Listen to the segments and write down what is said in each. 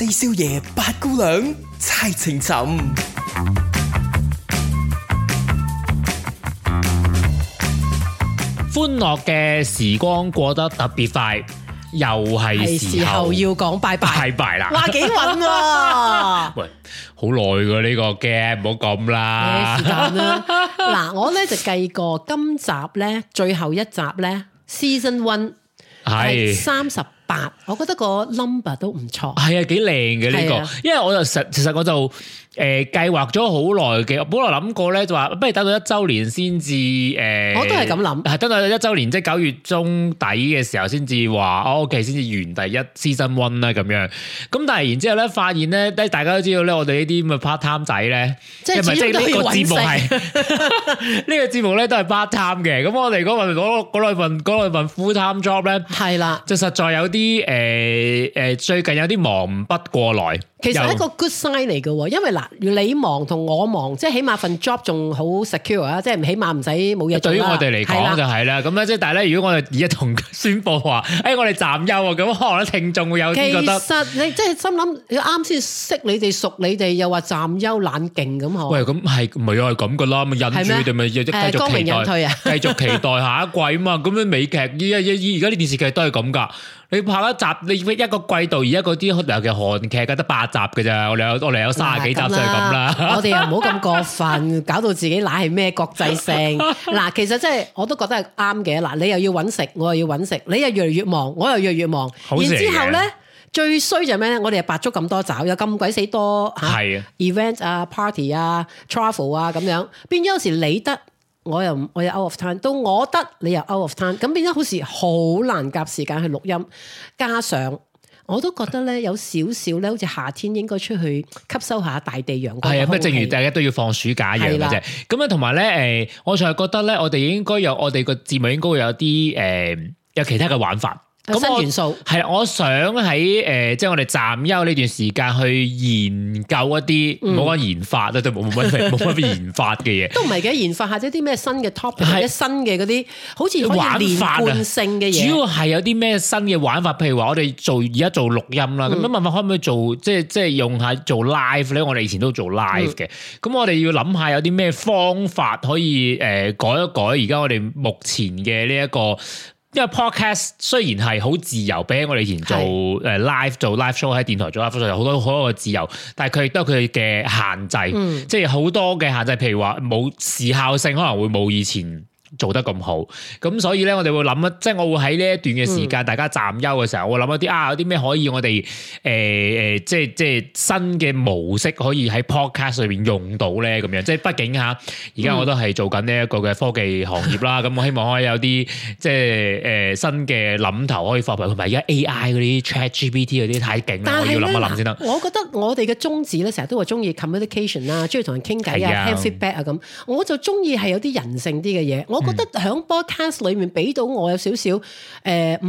四少爺、八姑娘，猜情尋，歡樂嘅時光過得特別快，又係時候要講拜拜，係拜啦，話幾穩啊！喂，好耐噶呢個 game，唔好咁啦。係咁啦，嗱，我咧就計過今集咧，最後一集咧，Season One 係三十。八，我覺得個 number 都唔錯係啊，幾靚嘅呢個，因為我就實其實我就誒計劃咗好耐嘅。呃、我本來諗過咧，就話不如等到一周年先至誒我都係咁諗，係等到一周年，即係九月中底嘅時候先至話 OK，先至完第一 season one 啦咁樣。咁但係然之後咧，發現咧，大家都知道咧，我哋呢啲咁嘅 part time 仔咧，即係即係呢個節目係呢個節目咧都係 part time 嘅。咁我哋嗰份嗰嗰兩份嗰兩份 full time job 咧，係啦，就實在有啲。啲誒誒，最近有啲忙不過來，其實係一個 good sign 嚟嘅，因為嗱，你忙同我忙，即係起碼份 job 仲好 secure 啊，即係起碼唔使冇嘢做。對於我哋嚟講就係啦，咁咧即係，但係咧，如果我哋而家同宣布話，誒，我哋暫休啊，咁我諗聽眾會有啲覺得，其實你即係心諗，啱先識你哋熟你哋，又話暫休冷靜咁嗬。喂，咁係咪啊？係咁噶啦，忍住你哋咪又繼續期待，繼續期待下一季啊嘛。咁樣美劇依依依，而家啲電視劇都係咁噶。.你拍一集，你一個季度而家嗰啲嚟嘅韓劇嘅得八集嘅咋？我哋有我哋有卅幾集就咁啦。 我哋又唔好咁過分，搞到自己乃係咩國際性？嗱， 其實真係我都覺得係啱嘅。嗱，你又要搵食，我又要搵食，你又越嚟越忙，我又越嚟越忙。然之後咧，最衰就咩咧？我哋又白足咁多爪，又咁鬼死多啊的 event 啊、party 啊、travel 啊咁樣，變咗有時你得。我又我又 out of time，到我得你又 out of time，咁變咗好似好難夾時間去錄音。加上我都覺得咧，有少少咧，好似夏天應該出去吸收下大地陽光。係啊，不正如大家都要放暑假一樣嘅啫。咁啊的，同埋咧誒，我仲係覺得咧，我哋應該有我哋個節目應該會有啲誒、呃、有其他嘅玩法。咁元素，係我想喺誒，即、呃、係、就是、我哋暫休呢段時間去研究一啲，唔好講研發啦，對冇冇問題，冇乜別研發嘅嘢都唔係嘅，研發下即啲咩新嘅 topic，係新嘅嗰啲好似玩法啊，性嘅嘢，主要係有啲咩新嘅玩法，譬如話我哋做而家做錄音啦，咁、嗯、問下可唔可以做，即係即係用下做 live 咧？我哋以前都做 live 嘅，咁、嗯、我哋要諗下有啲咩方法可以誒、呃、改一改而家我哋目前嘅呢一個。因為 podcast 雖然係好自由，比起我哋以前做誒 live 做 live show 喺電台做 live show，有好多好多嘅自由，但係佢亦都有佢嘅限制，嗯、即係好多嘅限制，譬如話冇時效性，可能會冇以前。做得咁好，咁所以咧，我哋會諗一，即係我會喺呢一段嘅時間，嗯、大家暫休嘅時候，我會諗一啲啊，有啲咩可以我哋誒誒，即係即係新嘅模式可以喺 podcast 裏面用到咧，咁樣即係畢竟嚇，而家我都係做緊呢一個嘅科技行業啦，咁我希望可以有啲即係誒新嘅諗頭可以發掘，同埋而家 AI 嗰啲 ChatGPT 嗰啲太勁啦，我要諗一諗先得。我覺得我哋嘅宗旨咧，成日都話中意 communication 啦，中意同人傾偈啊 have feedback 啊咁，我就中意係有啲人性啲嘅嘢。我覺得喺 broadcast 裏面俾到我有少少誒，唔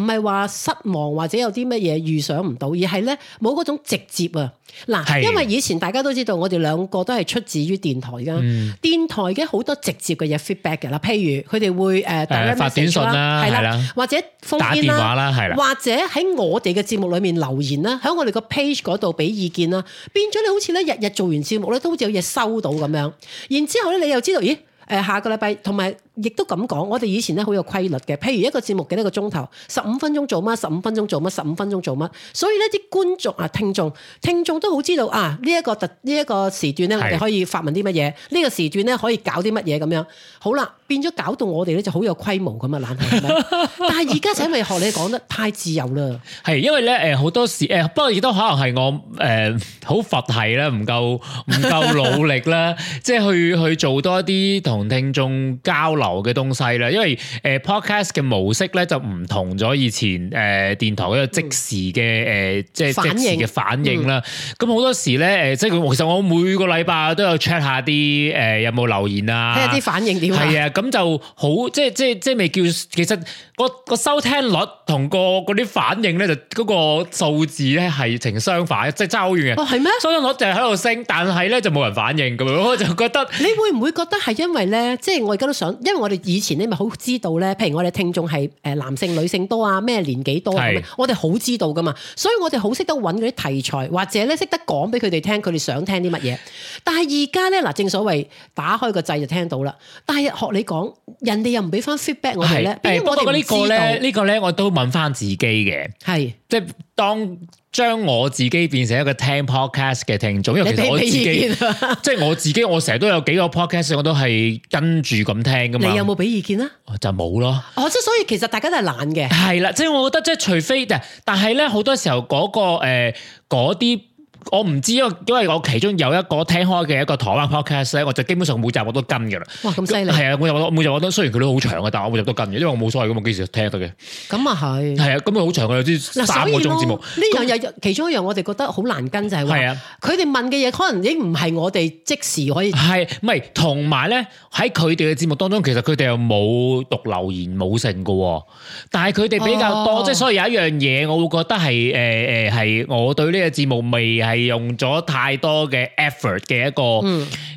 係話失望或者有啲乜嘢預想唔到，而係咧冇嗰種直接啊！嗱，因為以前大家都知道，我哋兩個都係出自於電台噶，的電台嘅好多直接嘅嘢 feedback 嘅啦。譬如佢哋會誒、呃、發短信啦，係啦的，或者打電話啦，係啦，的或者喺我哋嘅節目裏面留言啦，喺我哋個 page 嗰度俾意見啦，變咗你好似咧日日做完節目咧，都好似有嘢收到咁樣。然之後咧，你又知道，咦？誒，下個禮拜同埋。亦都咁講，我哋以前咧好有規律嘅，譬如一個節目幾多個鐘頭，十五分鐘做乜，十五分鐘做乜，十五分鐘做乜，所以咧啲觀眾啊、聽眾、聽眾都好知道啊，呢、這、一個特呢一個時段咧，我哋可以發問啲乜嘢，呢是個時段咧可以搞啲乜嘢咁樣。好啦，變咗搞到我哋咧就好有規模咁啊， 但係而家就係咪學你講得太自由啦？係 因為咧誒好多時誒、呃，不過亦都可能係我誒好、呃、佛系啦，唔夠唔夠努力啦，即係 去去做多啲同聽眾交流嘅東西啦，因為誒 podcast 嘅模式咧就唔同咗以前誒電台嗰個即時嘅誒即即時嘅反應啦。咁好、嗯嗯、多時咧誒，即係其實我每個禮拜都有 check 下啲誒有冇留言，看看啊，睇下啲反應點。係啊，咁就好即係即係即係未叫其實。個個收聽率同個嗰啲反應咧，就嗰個數字咧係呈相反，即係差好遠嘅。哦，係咩？收聽率就係喺度升，但係咧就冇人反應咁樣，我就覺得你會唔會覺得係因為咧，即係我而家都想，因為我哋以前咧咪好知道咧，譬如我哋聽眾係誒男性、女性多啊，咩年紀多咁樣是，我哋好知道噶嘛，所以我哋好識得揾嗰啲題材，或者咧識得講俾佢哋聽，佢哋想聽啲乜嘢。但係而家咧嗱，正所謂打開個掣就聽到啦，但係學你講，人哋又唔俾翻 feedback 是我哋咧是，我哋是。是個咧呢道個咧，我都問翻自己嘅，係是即係當將我自己變成一個聽 Podcast 嘅聽眾，因為給其實我自己 即係我自己，我成日都有幾個 Podcast，我都係跟住咁聽噶嘛。你有冇俾意見啊？就冇咯。哦，即係所以其實大家都係懶嘅。係啦，即係我覺得即係除非，但係但係咧，好多時候嗰、嗰個嗰啲。呃我唔知，因為因為我其中有一個聽開嘅一個台灣 podcast 咧，我就基本上每集我都跟嘅啦。哇，咁犀利！係啊，每集我每集我都雖然佢都好長嘅，但係我每集都跟嘅，因為我冇所謂咁我幾時聽得嘅。咁啊係。係啊，咁啊好長嘅有啲三個鐘節目。呢樣又那其中一樣我哋覺得好難跟就係、係、話，佢哋、啊、問嘅嘢可能已經唔係我哋即時可以。係咪同埋咧？喺佢哋嘅節目當中，其實佢哋又冇讀留言冇剩嘅喎，但係佢哋比較多，即係、哦、所，所以有一樣嘢我會覺得係誒誒係我對呢個節目未啊。係用咗太多嘅 effort 嘅一個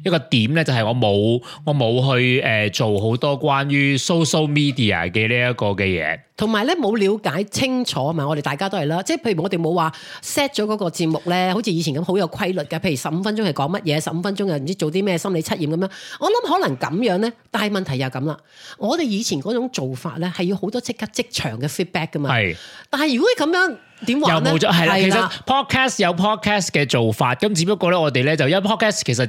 一個點咧，就係我冇我冇去誒做好多關於 social media 嘅呢一個嘅嘢，同埋咧冇了解清楚，咪我哋大家都係啦，即係譬如我哋冇話 set 咗嗰個節目咧，好似以前咁好有規律嘅，譬如十五分鐘係講乜嘢，十五分鐘又唔知做啲咩心理測驗咁樣。我諗可能咁樣咧，但係問題又係咁啦，我哋以前嗰種做法咧係要好多即刻即場嘅 feedback 噶嘛，係，但係如果咁樣。又冇咗，係啦。其實 podcast 有 podcast 嘅做法，咁只不過咧，我哋咧就因為 podcast 其實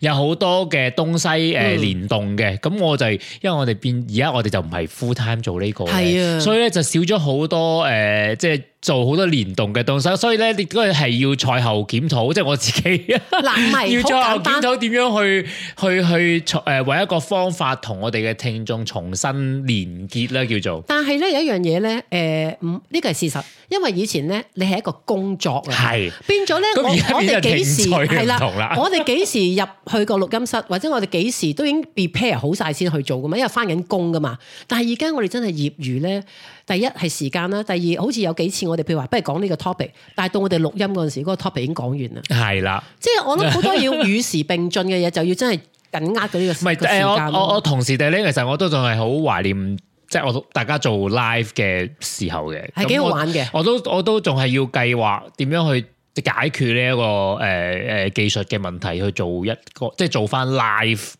要有好多嘅東西誒聯動嘅，咁、嗯、我就係因為我哋變，而家我哋就唔係 full time 做呢個，是的 所以咧就少咗好多誒、呃、即係。做好多聯動嘅東西，所以咧你都係要賽後檢討，即係我自己，啊、要賽後檢討，點樣去去去誒，搵、呃、一個方法同我哋嘅聽眾重新連結咧，叫做。但係咧有一樣嘢咧，誒、呃，唔呢個係事實，因為以前咧你係一個工作啊，係是變咗咧我我哋幾時係啦，我哋幾時入去個錄音室， 或者我哋幾時都已經 prepare 好晒先去做噶嘛，因為返緊工噶嘛。但係而家我哋真係業餘咧。第一係時間啦，第二好似有幾次我哋譬如話，不如講呢個 topic，但係到我哋錄音嗰陣時，嗰個 topic 已經講完啦。係啦，即係我諗好多要與時並進嘅嘢， 就要真係緊握到呢個時間。唔係誒，我我我同時哋呢，其實我都仲係好懷念，即係我大家做 live 嘅時候嘅，係幾好玩嘅。我都我都仲係要計劃點樣去解決呢一個誒誒技術嘅問題，去做一個即係做翻 live。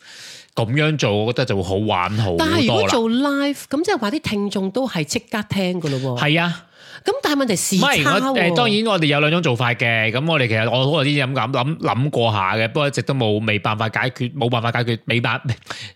咁樣做，我覺得就會好玩好多啦。但係如果做 live，咁即係話啲聽眾都係即刻聽嘅咯喎。係啊，咁但係問題時差、啊呃。當然我哋有兩種做法嘅，咁我哋其實我好耐之前諗諗諗諗過下嘅，不過一直都冇未辦法解決，冇辦法解決，未辦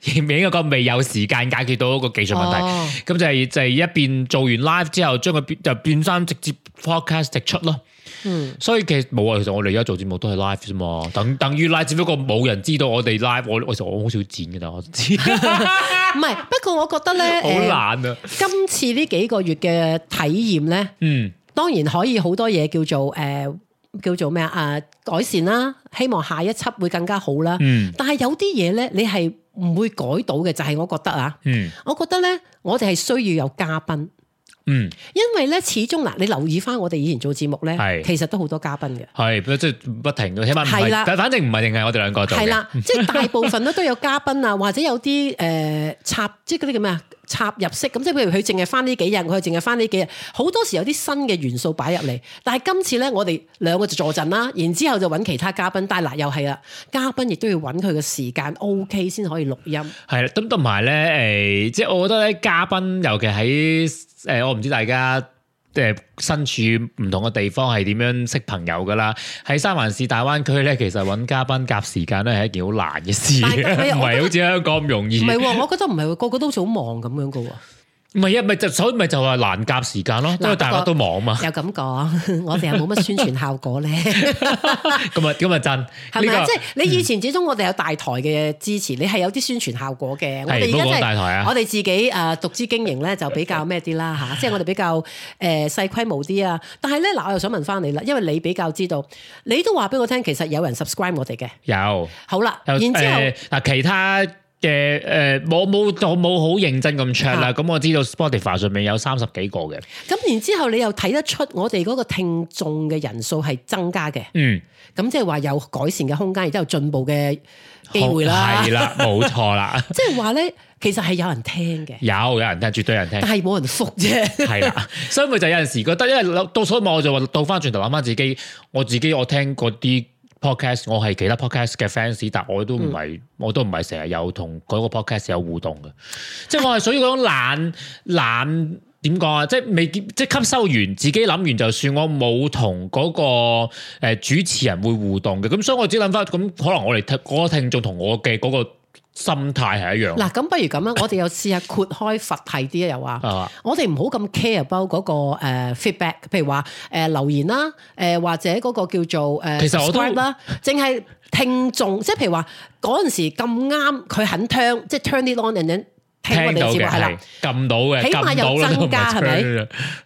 未未個未有時間解決到一個技術問題。咁、哦、就係、是、就係、是、一邊做完 live 之後，將佢就變身直接 podcast 直出咯。嗯，所以其實冇啊，其實我哋而家做節目都係 live 啫嘛，等等於 live，只不過冇人知道我哋 live，我其實我好少剪㗎。我知，唔係，不過我覺得咧，呃、好難懶啊！今次呢幾個月嘅體驗咧，嗯，當然可以好多嘢叫做誒、呃，叫做咩啊？誒、呃，改善啦，希望下一輯會更加好啦。嗯，但係有啲嘢咧，你係唔會改到嘅，就係、是、我覺得啊，嗯，嗯、我覺得咧，我哋係需要有嘉賓。嗯，因為咧，始終嗱，你留意翻我哋以前做節目咧，是其實都好多嘉賓嘅，係即係不停，起碼係啦，是的 但係反正唔係淨係我哋兩個做的，係啦，即係大部分咧都有嘉賓啊，或者有啲誒、呃、插，即係嗰啲叫咩啊，插入式，咁即係譬如佢淨係翻呢幾日，佢淨係翻呢幾日，好多時有啲新嘅元素擺入嚟，但係今次咧，我哋兩個就坐陣啦，然之後就揾其他嘉賓，但係嗱又係啦，嘉賓亦都要揾佢嘅時間 OK 先可以錄音，係啦，咁同埋咧，誒、欸，即係我覺得咧，嘉賓尤其喺。誒、呃，我唔知大家誒、呃、身處唔同嘅地方係點樣識朋友噶啦。喺三環市大灣區咧，其實揾嘉賓夾時間咧係一件好難嘅事，唔係 好似香港咁容易。唔係、啊，我覺得唔係、啊，個個都好似好忙咁樣噶。唔係啊，咪就所以咪就話難夾時間咯，因為大家都忙嘛。又咁講，我哋又冇乜宣傳效果咧。咁啊，咁啊真，係咪啊？即係你以前始終我哋有大台嘅支持，你係有啲宣傳效果嘅。我哋而家真係我哋自己誒獨資經營咧，就比較咩啲啦吓。即係我哋比較誒細規模啲啊。但係咧嗱，我又想問翻你啦，因為你比較知道，你都話俾我聽，其實有人 subscribe 我哋嘅。有。好啦。然之後嗱，其他。嘅誒、呃，我冇冇好認真咁唱啦。咁的我知道 Spotify 上面有三十幾個嘅。咁、嗯、然之後，你又睇得出我哋嗰個聽眾嘅人數係增加嘅。嗯，咁即係話有改善嘅空間，亦都有進步嘅機會啦。係啦，冇錯啦。即係話咧，其實係有人聽嘅 有有人聽，絕對有人聽，但係冇人覆啫。係啦， 所以咪就有陣時覺得，因為到處我就話倒翻轉頭諗翻自，自，自己，我自己我聽嗰啲。podcast 我係其他 podcast 嘅 fans，但我都唔係，嗯、我都唔係成日有同嗰個 podcast 有互動嘅，即係我係屬於嗰種懶懶點講啊，即係未即吸收完，自己諗完就算，我冇同嗰個誒主持人會互動嘅，咁所以我只諗翻咁，可能我哋聽嗰個聽眾同我嘅嗰個。心態係一樣。嗱，咁不如咁啦，我哋又試下豁開佛系啲啊，又話，我哋唔好咁 care about 嗰個誒 feedback，譬如話誒留言啦，誒或者嗰個叫做誒，其實我都啦，淨係聽眾，即係譬如話嗰陣時咁啱佢肯聽，即係 turn it on and then 聽到嘅係啦，撳到嘅，起碼又增加係咪？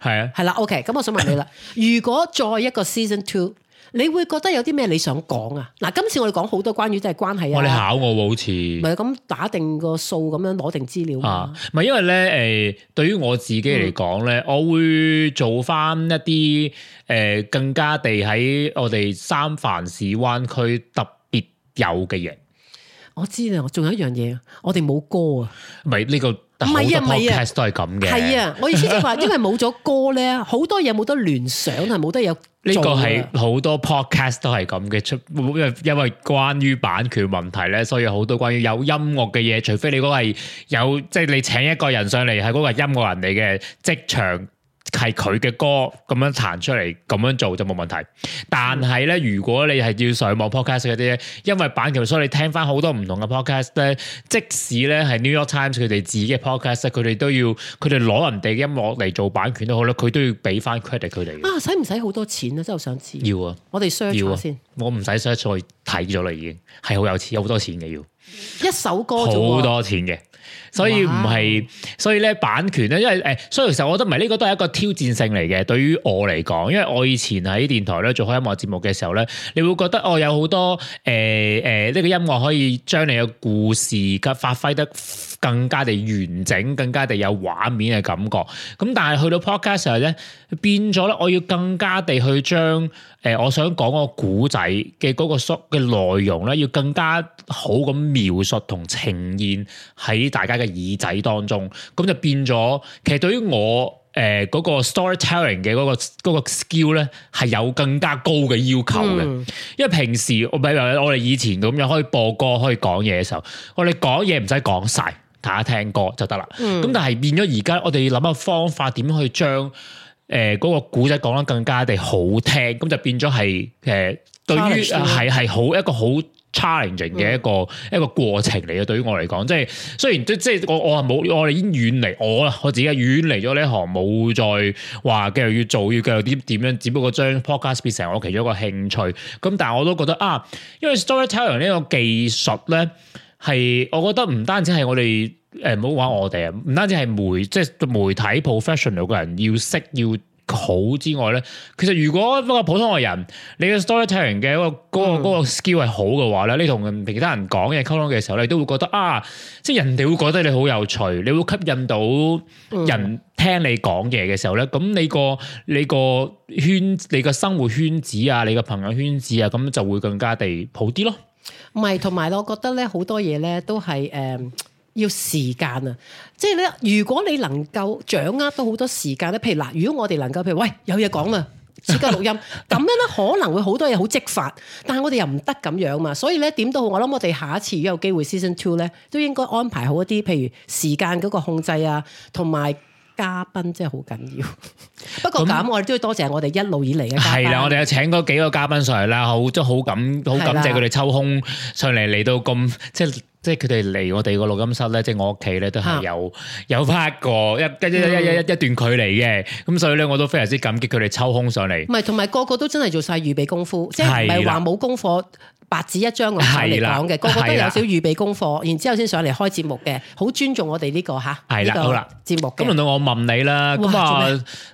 係啊，係啦，OK，咁我想問你啦，如果再一個 season two。你會覺得有啲咩你想講啊？嗱，今次我哋講好多關於即係關係啊。我哋、啊、考我好似唔係咁打定個數咁樣攞定資料。啊，唔係因為咧誒、呃，對於我自己嚟講咧，嗯、我會做翻一啲誒、呃、更加地喺我哋三藩市灣區特別有嘅嘢。我知啊，仲有一樣嘢，我哋冇歌啊。唔係呢個。唔係啊，唔係啊，都係咁嘅。係啊，我意思即係話， 因為冇咗歌咧，好多嘢冇得聯想，係冇得有。呢個係好多 podcast 都係咁嘅，出因為因為關於版權問題咧，所以好多關於有音樂嘅嘢，除非你嗰個係有，即係你請一個人上嚟係嗰個音樂人嚟嘅職場。係佢嘅歌咁樣彈出嚟，咁樣做就冇問題。但係咧，如果你係要上網 podcast 嗰啲咧，因為版權，所以你聽翻好多唔同嘅 podcast 咧，即使咧係 New York Times 佢哋自己嘅 podcast 佢哋都要，佢哋攞人哋音樂嚟做版權都好啦，佢都要俾翻 credit 佢哋。啊，使唔使好多錢啊？真係好想知。要啊，要啊，我哋 search 下先。我唔使 search 再睇咗啦，已經係好有錢，有好多錢嘅要。一首歌啫，好多錢嘅哇，所以唔係，所以咧，版權咧，因為誒，所以其實我覺得唔係呢個都係一個挑戰性嚟嘅，對於我嚟講，因為我以前喺電台咧做開音樂節目嘅時候咧，你會覺得哦有好多誒誒呢個音樂可以將你嘅故事嘅發揮得更加地完整，更加地有畫面嘅感覺。咁但係去到 podcast 時候咧，變咗咧，我要更加地去將誒、呃、我想講個古仔嘅嗰個縮嘅內容咧，要更加。好咁描述同呈現喺大家嘅耳仔當中，咁就變咗。其實對於我誒嗰、呃嗰個 storytelling 嘅嗰、嗰個、嗰個 skill 咧，係有更加高嘅要求嘅。嗯、因為平時唔係我哋以前咁樣可以播歌，可以講嘢嘅時候，我哋講嘢唔使講晒，大家聽歌就得啦。咁、嗯、但係變咗而家，我哋要諗個方法，點樣去將誒嗰個古仔講得更加地好聽，咁就變咗係誒，對於係係好一個好。challenging 嘅一個一個過程嚟嘅，對於我嚟講，即係雖然即即係我我係冇，我哋已經遠離我啦，我自己遠離咗呢行，冇再話繼續要做，要繼續啲點樣，只不過將 podcast 變成我其中一個興趣。咁但係我都覺得啊，因為 storytelling 呢個技術咧，係我覺得唔單止係我哋唔好話我哋啊，唔單止係媒即係媒體 professional 嘅人要識要。好之外咧，其實如果一個普通嘅人，你嘅 storytelling 嘅嗰個嗰個 skill 係好嘅話咧，嗯、你同其他人講嘢溝通嘅時候咧，你都會覺得啊，即係人哋會覺得你好有趣，你會吸引到人聽你講嘢嘅時候咧，咁、嗯、你個你個圈你個生活圈子啊，你個朋友圈子啊，咁就會更加地好啲咯。唔係，同埋我覺得咧，好多嘢咧都係誒。要時間啊，即係咧，如果你能夠掌握到好多時間咧，譬如嗱，如果我哋能夠，譬如喂有嘢講啊，設計錄音，咁樣咧 可能會好多嘢好即法，但係我哋又唔得咁樣啊嘛，所以咧點都好，我諗我哋下一次如果有機會 Season two 咧，都應該安排好一啲譬如時間嗰個控制啊，同埋。嘉賓真係好緊要，不過咁我哋都要多謝我哋一路以嚟嘅嘉賓。係啦，我哋請咗幾個嘉賓上嚟啦，好都好感好感謝佢哋抽空上嚟。嚟到咁，即係即係佢哋嚟我哋個錄音室咧，即係我屋企咧都係有有返個一一一一一段距離嘅，咁所以咧我都非常之感激佢哋抽空上嚟。唔係，同埋個個都真係做晒預備功夫，即係唔係話冇功課。白紙一張咁樣嚟講嘅，個的個都有少預備功課，的然之後先上嚟開節目嘅，好尊重我哋呢、這個吓的，好個節目。咁輪到我問你啦，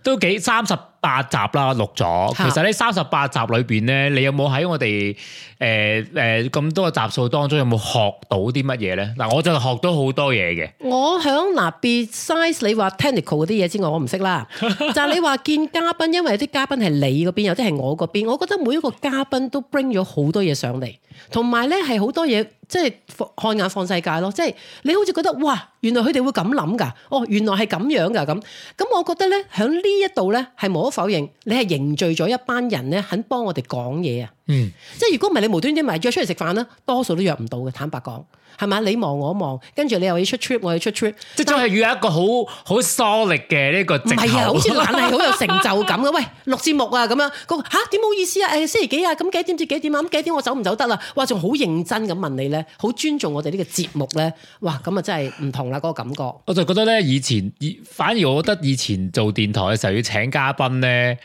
都幾三十。八集啦，錄咗。其實呢三十八集裏邊咧，你有冇喺我哋誒誒咁多個集數當中，有冇學到啲乜嘢咧？嗱，我就學到好多嘢嘅。我響嗱，besides 你話 technical 嗰啲嘢之外，我唔識啦。就係 你話見嘉賓，因為有啲嘉賓係你嗰邊，有啲係我嗰邊。我覺得每一個嘉賓都 bring 咗好多嘢上嚟。同埋咧，係好多嘢，即係看眼放世界咯，即係你好似覺得哇，原來佢哋會咁諗噶，哦，原來係咁樣噶咁，咁我覺得咧，喺呢一度咧，係無可否認，你係凝聚咗一班人咧，肯幫我哋講嘢啊！嗯，即係如果唔係你無端端咪約出嚟食飯咧，多數都約唔到嘅。坦白講，係咪？你望我望，跟住你又要出 trip，我要出 trip。即係仲係有一個好好 solid 嘅呢個職，係啊，好似玩係好有成就感咁。 喂，錄節目啊咁樣，吓點好意思啊？誒、欸，星期幾啊？咁幾點至幾點啊？咁幾點我走唔走得啦、啊？哇，仲好認真咁問你咧，好尊重我哋呢個節目咧。哇，咁啊真係唔同啦，嗰、那個感覺。我就覺得咧，以前，反而我覺得以前做電台嘅時候要請嘉賓咧，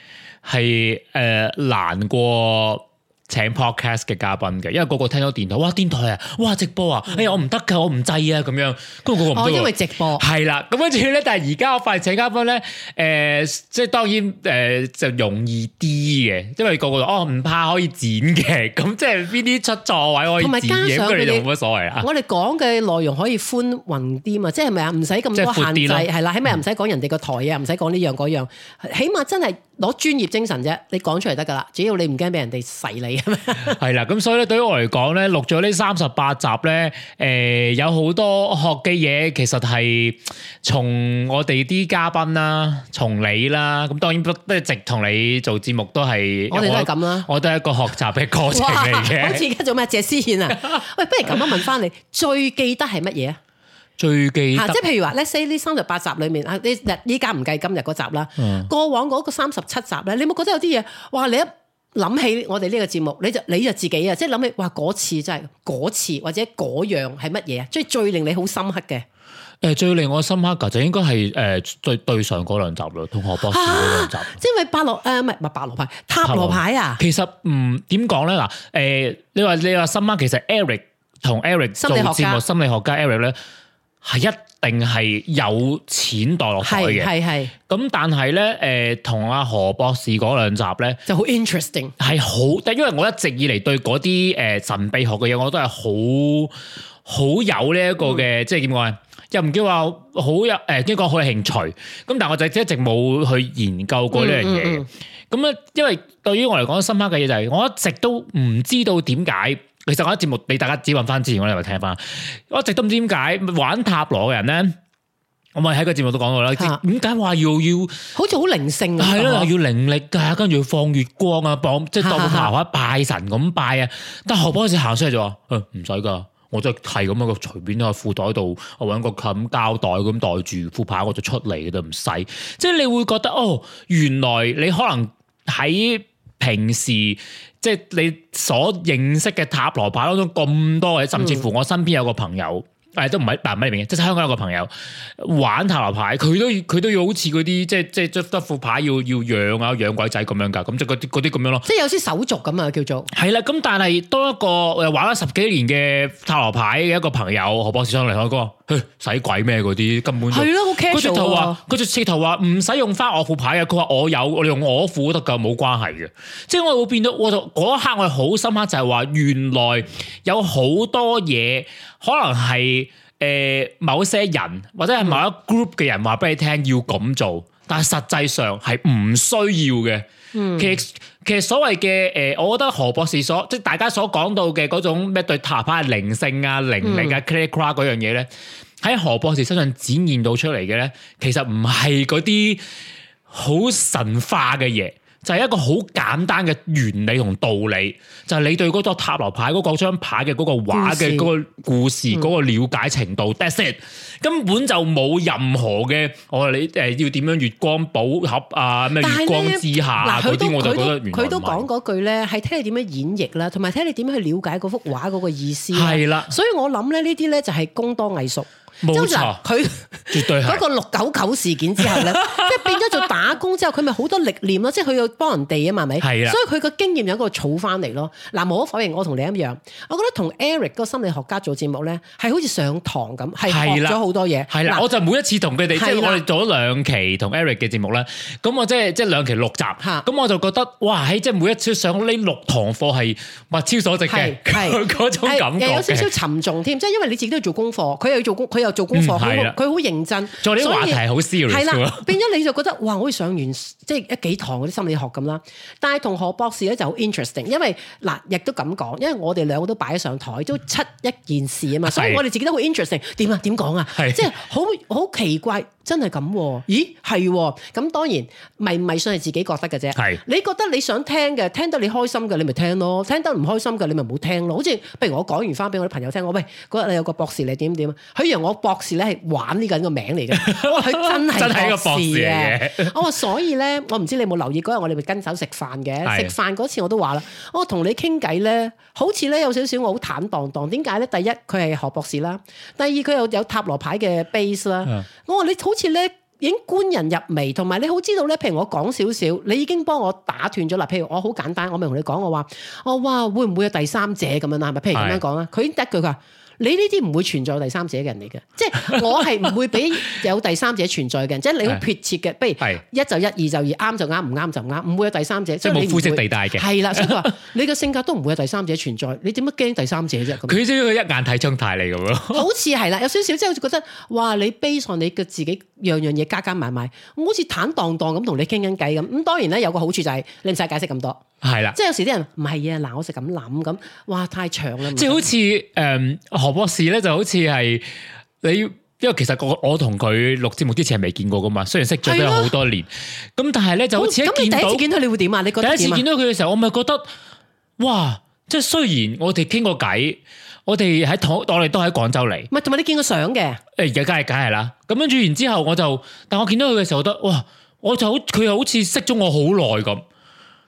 係誒難過。請 podcast 嘅嘉賓嘅，因為個個聽到電台，哇電台啊，哇直播啊，哎呀我唔得噶，我唔制啊咁樣，跟住、哦、因為直播係啦，咁跟住後咧，但係而家我發現請嘉賓咧，誒、呃、即係當然誒、呃、就容易啲嘅，因為個個哦唔怕可以剪嘅，咁即係邊啲出錯位可以剪嘅就冇乜所謂啊。們我哋講嘅內容可以寬宏啲嘛，即係咪啊？唔使咁多限制，係啦，起碼又唔使講人哋個台啊，唔使講呢樣嗰樣，起碼真係。攞專業精神啫，你講出嚟得噶啦，只要你唔驚俾人哋洗你吖嘛，係 啦，咁所以咧，對於我嚟講咧，錄咗呢三十八集咧，誒、呃、有好多學嘅嘢，其實係從我哋啲嘉賓啦，從你啦，咁當然都一直同你做節目都係，我哋都係咁啦，我都係一個學習嘅過程嚟嘅。 好似而家做咩？謝詩燕啊，喂，不如咁啊，問翻你最記得係乜嘢啊？最記得嚇，即係譬如話，let's say 呢三十八集裏面啊，呢日依家唔計今日嗰集啦，過往嗰個三十七集咧，你有冇覺得有啲嘢？哇！你一諗起我哋呢個節目，你就你就自己啊，即係諗起哇嗰次真係嗰次或者嗰樣係乜嘢啊？即係最令你好深刻嘅。誒，最令我深刻嘅就應該係誒對對上嗰兩集咯，同何博士嗰兩集。即係咪白羅誒？唔係唔係白羅牌，塔羅牌啊？其實嗯點講咧嗱？誒你話你話深嗎？其實 Eric 同 Eric 做節目心理學家 Eric 咧。係一定係有錢墮落去嘅，係係咁。但係咧，誒，同阿何博士嗰兩集咧，就好 interesting，係好。但係因為我一直以嚟對嗰啲誒神秘學嘅嘢，我都係好好有呢一個嘅，即係點講咧？又唔叫話好有，誒，即係講好有興趣。咁但係我就一直冇去研究過呢樣嘢。咁咧，因為對於我嚟講深刻嘅嘢就係，我一直都唔知道點解。其實我喺節目，畀大家指要問翻之前我哋咪聽翻，我一直都唔知點解玩塔羅嘅人咧，我咪喺個節目都講過啦，點解話要要，要好似好靈性啊？係啦、啊，要靈力噶，跟住要放月光啊，幫即係當個娃拜神咁拜啊。但係何波開始行出嚟，就話，唔使噶，我真係咁樣個隨便喺褲袋度，我揾個冚膠袋咁袋住副牌，我就出嚟嘅啫，唔使。即係你會覺得哦，原來你可能喺平時。即係你所認識嘅塔羅牌當中咁多嘅，甚至乎我身邊有個朋友，誒都唔係大陸入邊嘅，即係香港有個朋友玩塔羅牌，佢都佢都要好似嗰啲即係即係得副牌要要養啊養鬼仔咁樣㗎，咁就嗰啲啲咁樣咯，即係有啲手續咁啊叫做。係啦，咁但係當一個又玩咗十幾年嘅塔羅牌嘅一個朋友，何博士上嚟講過，那個使鬼咩？嗰啲根本就，佢直頭話，佢、啊、直頭話唔使用返我副牌啊！佢話我有，我用我副得噶，冇關係嘅。即係我會變到，我就嗰刻我好深刻，就係話原來有好多嘢可能係誒、呃、某一些人或者係某一 group 嘅人話俾你聽、嗯、要咁做，但係實際上係唔需要嘅。嗯，其實其實所謂嘅誒，我覺得何博士所即係大家所講到嘅種咩對塔牌靈性啊、靈力啊、clear card 嗰樣嘢咧，喺何博士身上展現到出嚟嘅咧，其實唔係啲好神化嘅嘢。就係一個好簡單嘅原理同道理，就係、是、你對嗰個塔羅牌嗰個張牌嘅嗰個畫嘅嗰個故事嗰個了解程度。嗯、That’s it，根本就冇任何嘅我、哦、你誒要點樣月光寶盒啊咩月光之下嗰、啊、啲，也我就覺得佢都講嗰句咧，係睇你點樣演繹啦，同埋睇你點樣去了解嗰幅畫嗰個意思、啊。係啦的，所以我諗咧呢啲咧就係工多藝熟。冇錯，佢絕對係嗰個六九九事件之後咧，即係 變咗做打工之後，佢咪好多歷練咯。即係佢要幫人哋啊嘛，係咪？係啊的。所以佢個經驗有一個儲翻嚟咯。嗱，冇可否認，我同你一樣，我覺得同 Eric 個心理學家做節目咧，係好似上堂咁，係學咗好多嘢。係啦。啊、我就每一次同佢哋，即係的我哋做咗兩期同 Eric 嘅節目咧，咁我即係即係兩期六集，咁的我就覺得哇！喺即係每一次上呢六堂課係物超所值嘅，係嗰種感覺。又有少少沉重添，即係因為你自己都要做功課，佢又要做功，佢又。做功課，佢好認真，做呢個話題，所以係啦，的變咗你就覺得哇，嘩，我好似上完即係一幾堂嗰啲心理學咁啦。但係同學博士咧就好 interesting，因為嗱亦都咁講，因為我哋兩個都擺咗上台，都七一件事啊嘛，的所以我哋自己都好 interesting。點啊？點講啊？的即係好好奇怪，真係咁啊？咦，係咁？當然，迷唔迷信係自己覺得嘅啫。的你覺得你想聽嘅，聽得你開心嘅，你咪聽咯；聽得唔開心嘅，你咪唔好聽咯。好似譬如我講完翻俾我啲朋友聽，我喂嗰日你有，有個博士你點點，佢讓我。博士咧係玩呢個人個名嚟嘅，佢真係博士嘅。我話所以咧，我唔知你有冇留意嗰日我哋會跟手食飯嘅，食飯嗰次我都話啦，我同你傾偈咧，好似咧有少少我好坦蕩蕩。點解咧？第一佢係何博士啦，第二佢又有塔羅牌嘅 base 啦。我話你好似咧已經觀人入微，同埋你好知道咧，譬如我講少少，你已經幫我打斷咗啦。譬如我好簡單，我咪同你講，我話我哇，會唔會有第三者咁樣啦？係咪？譬如咁樣講啦，佢已經第一句佢話。你呢啲唔會存在第三者嘅人嚟嘅，哈哈哈哈，即係我係唔會俾有第三者存在嘅， 即係你好撇切嘅，不如一就一，二就二，啱就啱，唔啱就唔啱，唔會有第三者。即係冇灰色地帶嘅。係啦，所以話你嘅性格都唔會有第三者存在，你點樣驚第三者啫？佢先佢一眼睇中曬你咁咯。好似係啦，有少少即係覺得，哇！你悲上你嘅自己樣樣嘢加加埋埋，好似坦蕩蕩咁同你傾緊偈咁。咁當然咧有個好處就係，你唔使解釋咁多。係啦，對即係有時啲人唔係啊，嗱，我就咁諗咁，哇，太長啦。即係好似誒、呃，何博士咧，就好似係你，因為其實我同佢錄節目之前係未見過噶嘛，雖然識咗都有好多年，咁對了 但係咧就好似咁，你第一次見到你會點啊？你覺得？第一次見到佢嘅時候，我咪覺得哇！即係雖然我哋傾過偈，我哋喺我哋都喺廣州嚟，唔係同埋你見過相嘅誒，梗係梗係啦。咁跟住然之後，我就，但我見到佢嘅時候，覺得哇，我就好我，佢又好似識咗我好耐咁。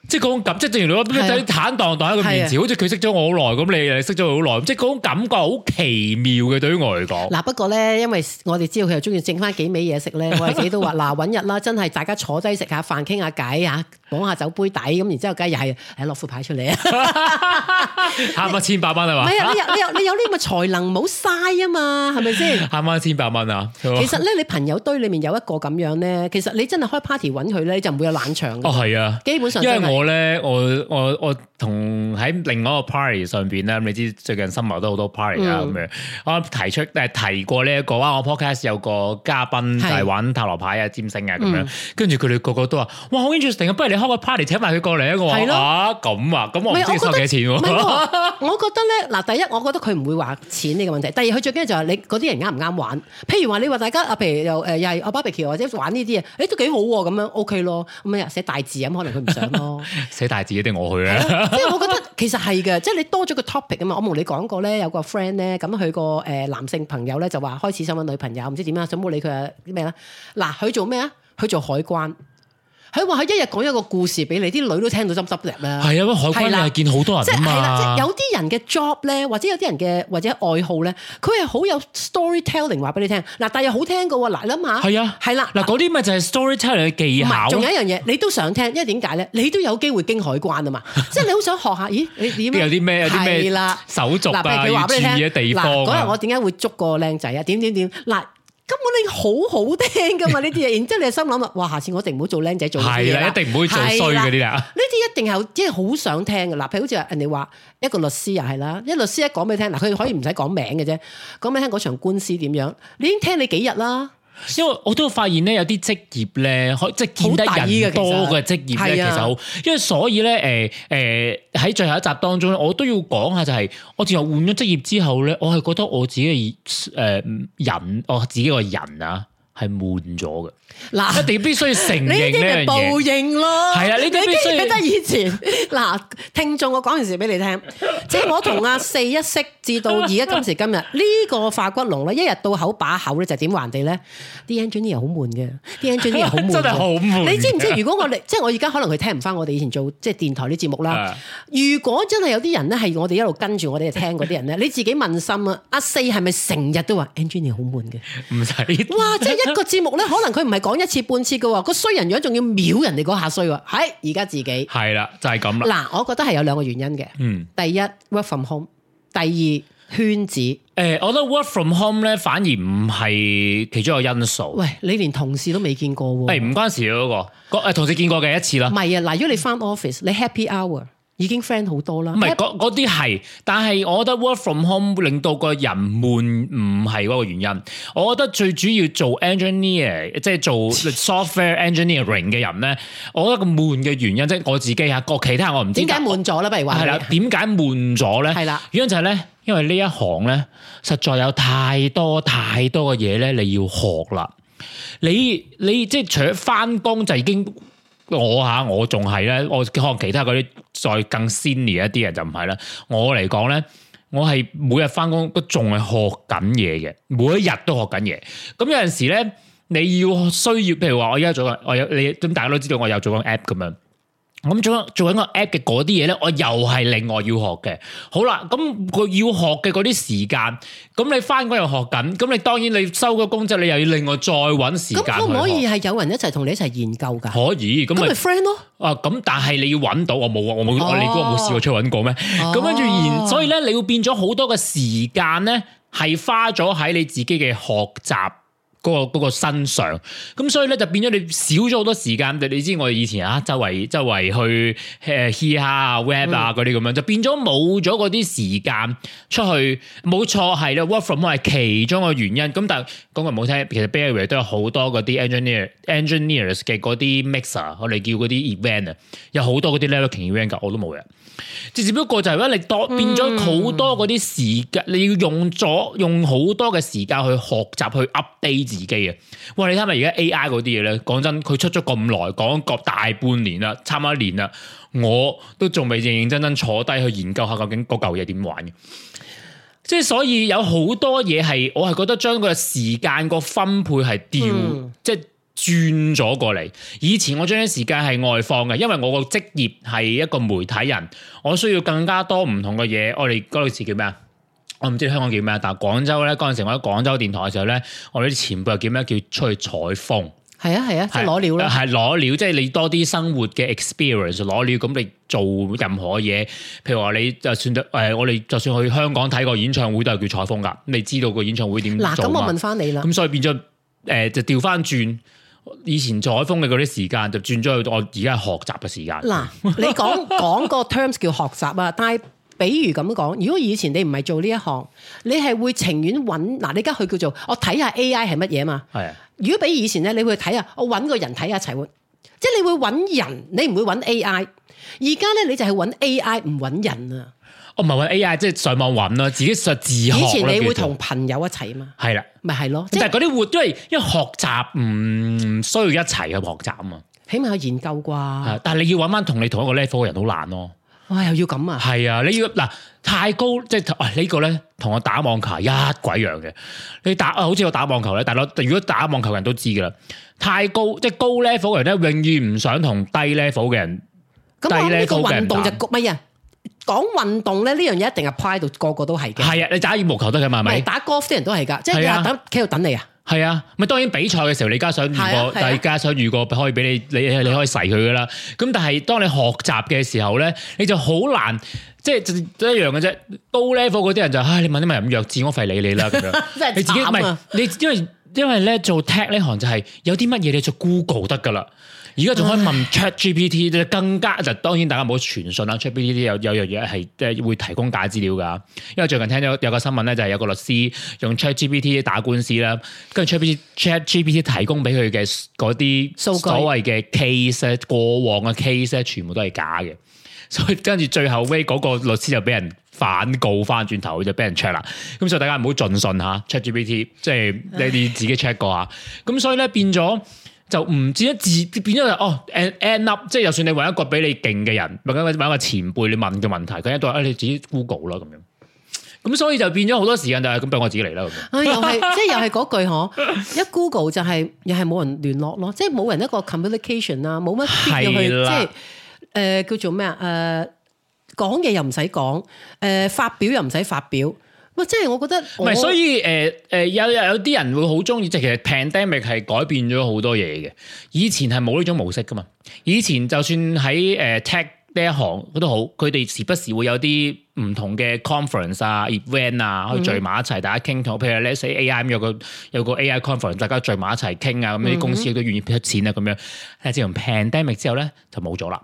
即係嗰種感，即係正如你話，比坦蕩蕩喺佢面前，好似佢識咗我好耐咁，你又識咗佢好耐，即係嗰種感覺好奇妙嘅，對於我嚟講。嗱、啊，不過咧，因為我哋知道佢又中意整翻幾味嘢食咧， 我哋自己都話，嗱、啊、搵日啦，真係大家坐低食下飯傾下偈嚇。講下酒杯底咁，然之後梗係又係，誒、哎、落副牌出嚟 啊，慳翻千百蚊係嘛？係啊，你有你有你有呢個才能，冇嘥啊嘛，係咪先？慳翻千百蚊啊！其實咧，你朋友堆裏面有一個咁樣咧，其實你真係開 party 搵佢咧，就唔會有冷場。哦，係啊，基本上因為我咧，我我我同喺另外一個 party 上邊咧，你知最近新樓都好多 party 啊，咁、嗯、樣我提出誒提過呢、這個、一個啊，我 podcast 有個嘉賓就係、是、玩塔羅牌啊、占星啊咁樣，跟住佢哋個個都話哇好 interesting 啊，不如你。開個 party 請埋佢過嚟一我話係咯，咁是的 啊，咁、啊、我唔知收幾錢喎、啊 。我覺得咧，嗱，第一，我覺得佢唔會話錢呢個問題。第二，佢最驚就係你嗰啲人啱唔啱玩。譬如話，你話大家啊，譬如又誒、呃、又係 BBQ 或者玩呢啲嘢，誒、欸、都幾好喎、啊，咁樣 OK 咯。咁啊寫大字咁，可能佢唔想咯。寫大字一定 我去啊，因為 我覺得其實係嘅，即係你多咗個 topic 啊嘛。我同你講過咧，有個 friend 咧，咁佢個誒男性朋友咧就話開始想揾女朋友，唔知點啊，想冇理佢啊啲咩啦。嗱，佢做咩啊？去做海關。佢話佢一日講一個故事俾你，啲女都聽到濕濕哋啦。係啊，因為海關你係見好多人啊嘛。係啦，即係有啲人嘅 job 咧，或者有啲人嘅或者愛好咧，佢係好有 storytelling 話俾你聽。嗱，但係又好聽嘅喎。嗱，你諗下。係啊的。係啦的。嗱的，嗰啲咪就係 storytelling 嘅技巧。唔係，仲有一樣嘢，你都想聽，因為點解咧？你都有機會經海關啊嘛。 即係你好想學下，咦？你點？ 有啲咩？有係啦，手續啦、啊，的要注意嘅地方。嗰日我點解會捉個靚仔啊？點點點嗱。根本你好好聽噶嘛呢啲嘢， 然之後你心諗啊，哇！下次我一定唔好做僆仔做嗰啲，係啦，一定唔好做衰嗰啲啦。呢啲 一定係即係好想聽噶，嗱，譬如好似人哋話一個律師又係啦，一個律師一講俾你聽，嗱，佢可以唔使講名嘅啫，講俾你聽嗰場官司點樣，你已經聽你幾日啦。因為我都發現咧，有啲職業咧，可即係見得人多嘅職業咧，其實好是、啊。因為所以咧，誒、呃、誒，喺、呃、最後一集當中咧，我都要講下就係、是，我自從換咗職業之後咧，我係覺得我自己誒人，我自己個人啊。係悶咗嘅，嗱，你必須承認呢樣嘢，報應咯，係 啊，你必須，記得以前，嗱，聽眾，我講完事俾你聽，即係 我同阿四一識至到而家今時今日，呢、呢個化骨龍咧，一日到口把口咧就點還地咧？啲 engineer 好悶嘅，啲 engineer 好悶， 真係好悶。你知唔知如果我哋，即係我而家可能佢聽唔返我哋以前做即係、就是、電台啲節目啦？ 如果真係有啲人咧係我哋一路跟住我哋 聽嗰啲人咧，你自己問心啊是是！阿四係咪成日都話 engineer 好悶嘅？唔使， 哇！即係。一個節目咧，可能佢唔係講一次半次嘅，個衰人樣仲要秒人哋嗰下衰喎。而家自己係啦，就係咁啦。嗱，我覺得係有兩個原因嘅。嗯，第一 work from home，第二圈子。誒，我覺得 work from home 咧反而唔係其中一個因素。喂，你連同事都未見過喎。誒，唔關事啊，嗰個誒同事見過嘅一次啦。唔係啊，嗱，如果你翻 office，你 happy hour。已經 friend 好多啦。唔係嗰啲係，但係我覺得 work from home 令到個人悶，唔係嗰個原因。我覺得最主要做 engineer，即係做 software engineering 嘅人咧， 我覺得個悶嘅原因即係、就是、我自己嚇，個其他我唔知點解悶咗啦，不如話係啦，點解的悶咗咧？係啦的，原因就係咧，因為呢一行咧，實在有太多太多嘅嘢咧，你要學啦。你你即係、就是、除咗返工就已經我嚇我仲係咧，我可能其他嗰啲。再更 senior 一啲啊，就唔係啦。我嚟講咧，我係每日返工都仲係學緊嘢嘅，每一日都學緊嘢。咁有陣時咧，你要需要，譬如話，我而家做緊，我有你咁大家都知道，我有做緊 app 咁樣。咁做做緊個 app 嘅嗰啲嘢咧，我又係另外要學嘅。好啦，咁佢要學嘅嗰啲時間，咁你翻工又學緊，咁你當然你收咗工之後，你又要另外再搵時間去學。咁可唔可以係有人一齊同你一齊研究噶？可以咁咪 friend 咯。啊，咁、啊、但係你要搵到我冇啊，我冇，你哥冇試過出去搵過咩？咁跟住然，然，所以咧，你會變咗好多嘅時間咧，係花咗喺你自己嘅學習。個個身上，咁所以咧就變咗你少咗好多時間，你你知我哋以前啊，周圍周圍去誒 hea 下啊、web 啊啲咁樣，就變咗冇咗啲時間出去。冇錯係啦，work from home 係其中個原因。咁但係講句唔好聽，其實 Barely 都有好多啲 engineer、engineers 嘅啲 mixer，我哋叫啲 event 啊，有好多啲 networking event 噶，我都冇嘅。即只不過就係因為你多變咗好多啲時間、嗯、你要用咗用好多嘅時間去學習去 update。自己嘅，哇！你睇下而家 A. I. 嗰啲嘢咧，講真，佢出咗咁耐，講咗大半年啦，差唔多一年啦，我都仲未認認真真坐低去研究下究竟嗰嚿嘢點玩嘅。即係所以有好多嘢係，我係覺得將個時間個分配係調，嗯、即係轉咗過嚟。以前我將啲時間係外放嘅，因為我個職業係一個媒體人，我需要更加多唔同嘅嘢。我哋嗰個叫咩啊？我唔知香港叫咩，但係廣州咧嗰陣時，我喺廣州電台嘅時候咧，我哋啲前輩又叫咩？叫出去採風。係啊係啊，即係攞料咯。係攞料，即係你多啲生活嘅 experience，攞料咁你做任何嘢。譬如話你就算誒、呃，我哋就算去香港睇個演唱會都係叫採風㗎。你知道個演唱會點樣做？嗱、啊，咁我問翻你啦。咁所以變咗誒、呃，就調翻轉以前採風嘅嗰啲時間，就轉咗去我而家學習嘅時間。嗱、啊，你 講講個 terms 叫學習啊，但係。比如咁講，如果以前你唔係做呢一行，你係會情願揾嗱、啊，你而家去叫做我睇下 A I 係乜嘢嘛？係。是的 如果比以前咧，你會睇下，我揾個人睇下一齊活，即係你會揾人，你唔會揾 A I。而家咧，你就係揾 A I，唔揾人啊。我唔係揾 A I，即係上網揾啦，自己上自，自學。以前你會同朋友一齊啊嘛。係啦，咪係咯。但係嗰啲活，都係、就是、因為學習唔需要一齊去學習啊嘛。起碼去研究啩。但係你要揾翻同你同一個 level 嘅人好難咯。哇！又要咁啊？係啊，你要嗱太高，即係呢個咧，同我打網球一鬼樣嘅。你打啊，好似我打網球咧，大佬如果打網球人都知噶啦，太高即係高 level 人咧，永遠唔想同低 level 嘅人。咁你呢個運動就焗乜嘢？講運動咧，呢樣嘢一定 apply 到個個都係嘅。係啊，你打羽毛球得嘅嘛？係咪？打 golf 啲人都係噶，即係等企喺度等你啊！係啊，咪當然比賽嘅時候，你加上遇過，再加上遇過，可以俾你，你你可以噬佢噶啦。咁但係當你學習嘅時候咧，你就好難，即係都一樣嘅啫。都 level 嗰啲人就是，唉、哎，你問啲咪咁弱智，我費理你啦咁樣。真係慘啊！你因為 因為咧做 tech 呢行就係有啲乜嘢你做 Google 得噶啦。而家仲可以問 Chat GPT 咧，更加就當然大家唔好全信啦。Chat GPT 有有樣嘢係即係會提供假資料㗎，因為最近聽咗有個新聞咧，就係、是、有個律師用 Chat GPT 打官司啦，跟住 Chat Chat GPT 提供俾佢嘅嗰啲所謂嘅 case 過往嘅 case 咧，全部都係假嘅，所以跟住最後嗰個律師就俾人反告返轉頭，就俾人 check 啦。咁所以大家唔好盡信吓，Chat GPT，即係你哋自己 check 過啊。咁唉 所以咧變咗。就唔止一字，變咗係哦，end end up 即係就算你揾一個比你勁嘅人，或者揾一個前輩你問嘅問題，佢一對話，誒、哎、你自己 Google 啦咁樣，咁所以就變咗好多時間，就係咁，不如我自己嚟啦咁。唉、啊，又係 即係又係嗰句嗬，一 Google 就係、是、又係冇人聯絡咯，即係冇人一個 communication 啦，冇乜必要去即係誒、呃、叫做咩啊誒講嘢又唔使講，誒、呃、發表又唔使發表。喂，即係我覺得我，唔係，所以誒誒、呃呃、有有有啲人會好中意，即係其實 pandemic 係改變咗好多嘢嘅，以前係冇呢種模式㗎嘛，以前就算喺誒、呃、tech 呢一行都好，佢哋時不時會有啲唔同嘅 conference 啊、event 啊，可以聚埋一齊，大家傾咗。譬、嗯、哼如你死 AI 有個有個 AI conference，大家聚埋一齊傾啊，咁啲公司都願意出錢啊，咁樣。嗯、哼但自從 pandemic 之後咧，就冇咗啦，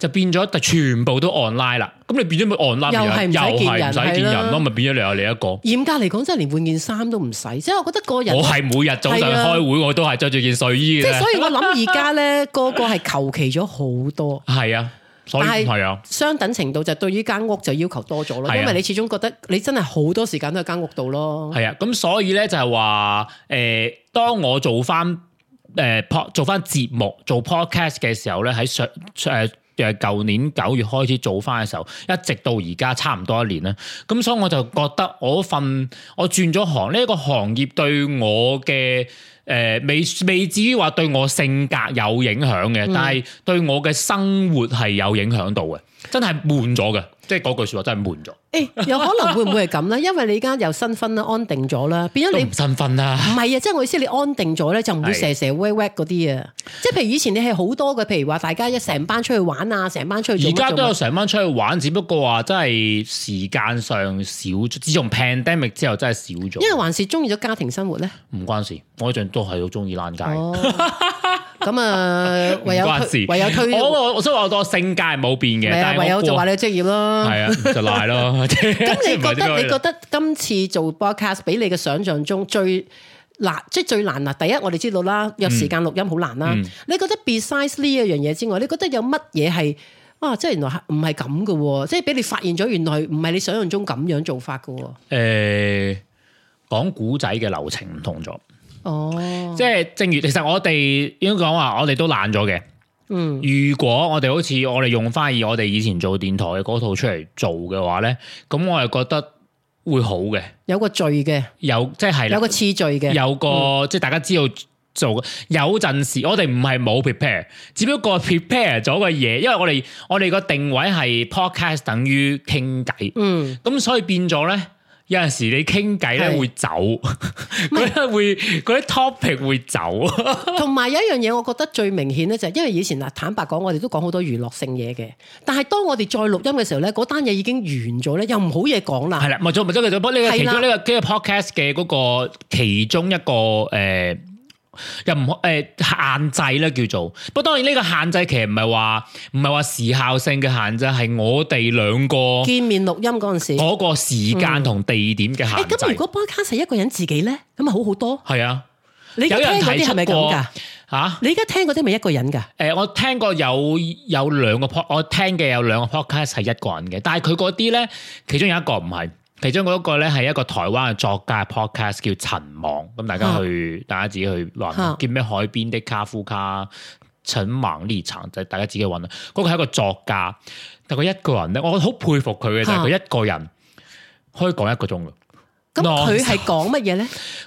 就變咗，但全部都 online 啦。咁你變咗咪 online 又係唔使見人咯，咪的變咗你有你一個。嚴格嚟講，真係連換件衫都唔使，即係我覺得個人。我係每日早上開會，的我都係着住件睡衣。即係所以我諗而家咧，個個係求其咗好多。係 啊。所以但係相等程度就對於間屋就要求多咗咯，是的 因為你始終覺得你真係好多時間都喺間屋度咯。係啊，咁所以咧就係話誒，當我做翻誒 po 做翻節目做 podcast 嘅時候咧，喺上誒誒舊年九月開始做翻嘅時候，一直到而家差唔多一年啦。咁所以我就覺得我份我轉咗行呢一個行業對我嘅。誒、呃、未未至於話對我性格有影響嘅，嗯、但係對我嘅生活係有影響到嘅，真係悶咗嘅。即係嗰句説話真係悶咗。誒有、欸、可能會唔會係咁咧？ 因為你而家又新婚啦，安定咗啦，變咗你。唔新婚啦。唔係啊，即係我意思，你安定咗咧，就唔會成成 work 嗰啲啊。即係譬如以前你係好多嘅，譬如話大家一成班出去玩啊，成班出去。而家都有成班出去玩，只不過話真係時間上少咗。自從 pandemic 之後真，真係少咗。因為還是中意咗家庭生活咧。唔關事，我一陣都係好中意爛街。 咁啊，唯有唯有推我，我想話我個性格係冇變嘅，但係唯有就話你嘅職業咯。係啊，就賴咯。咁你覺得你覺得今次做 broadcast 比你嘅想象中最難，即係最難啦。第一，我哋知道啦，約時間錄音好難啦。你覺得 besides 呢一樣嘢之外，你覺得有乜嘢係啊？即係原來唔係咁嘅，即係俾你發現咗，原來唔係你想象中咁樣做法嘅。誒，講古仔嘅流程唔同咗。哦，即係正如，其實我哋應該講話，我哋都懶咗嘅。嗯，如果我哋好似我哋用翻以我哋以前做電台嘅嗰套出嚟做嘅話咧，咁我又覺得會好嘅，有個序嘅，有即係有個次序嘅，有個、嗯、即係大家知道做嘅。有陣時我哋唔係冇 prepare，只不過 prepare 咗嘅嘢，因為我哋我哋個定位係 podcast 等於傾偈，嗯，咁所以變咗咧。有陣時你傾偈咧會走，嗰啲 會啲 topic 會走。同埋有一樣嘢，我覺得最明顯咧就係，因為以前嗱，坦白講，我哋都講好多娛樂性嘢嘅。但係當我哋再錄音嘅時候咧，嗰單嘢已經完咗咧，又唔好嘢講啦。係啦，唔係咗唔係咗。不呢個其中呢個呢個 podcast 嘅嗰個其中一個誒。呃又唔誒、呃、限制咧叫做，不過當然呢個限制其實唔係話唔係話時效性嘅限制，係我哋兩個見面錄音嗰陣時嗰個時間同地點嘅限制。咁、嗯欸、如果 podcast 係一個人自己咧，咁咪好好多。係啊，你聽嗰啲係咪咁噶？吓，你而家聽嗰啲係咪一個人噶？誒，啊、我聽過有有兩個 pod 我聽嘅有兩個 podcast 係一個人嘅，但係佢嗰啲咧，其中有一個唔係。其中一個咧係一個台灣嘅作家嘅 podcast 叫陳望，咁大家去，啊、大家自己去揾叫咩？海邊的卡夫卡、啊、陳望呢層，就係大家自己揾啦。嗰、嗰個係一個作家，但佢一個人咧，我好佩服佢嘅、啊、就係佢一個人可以講一個鐘嘅。咁佢係講乜嘢咧？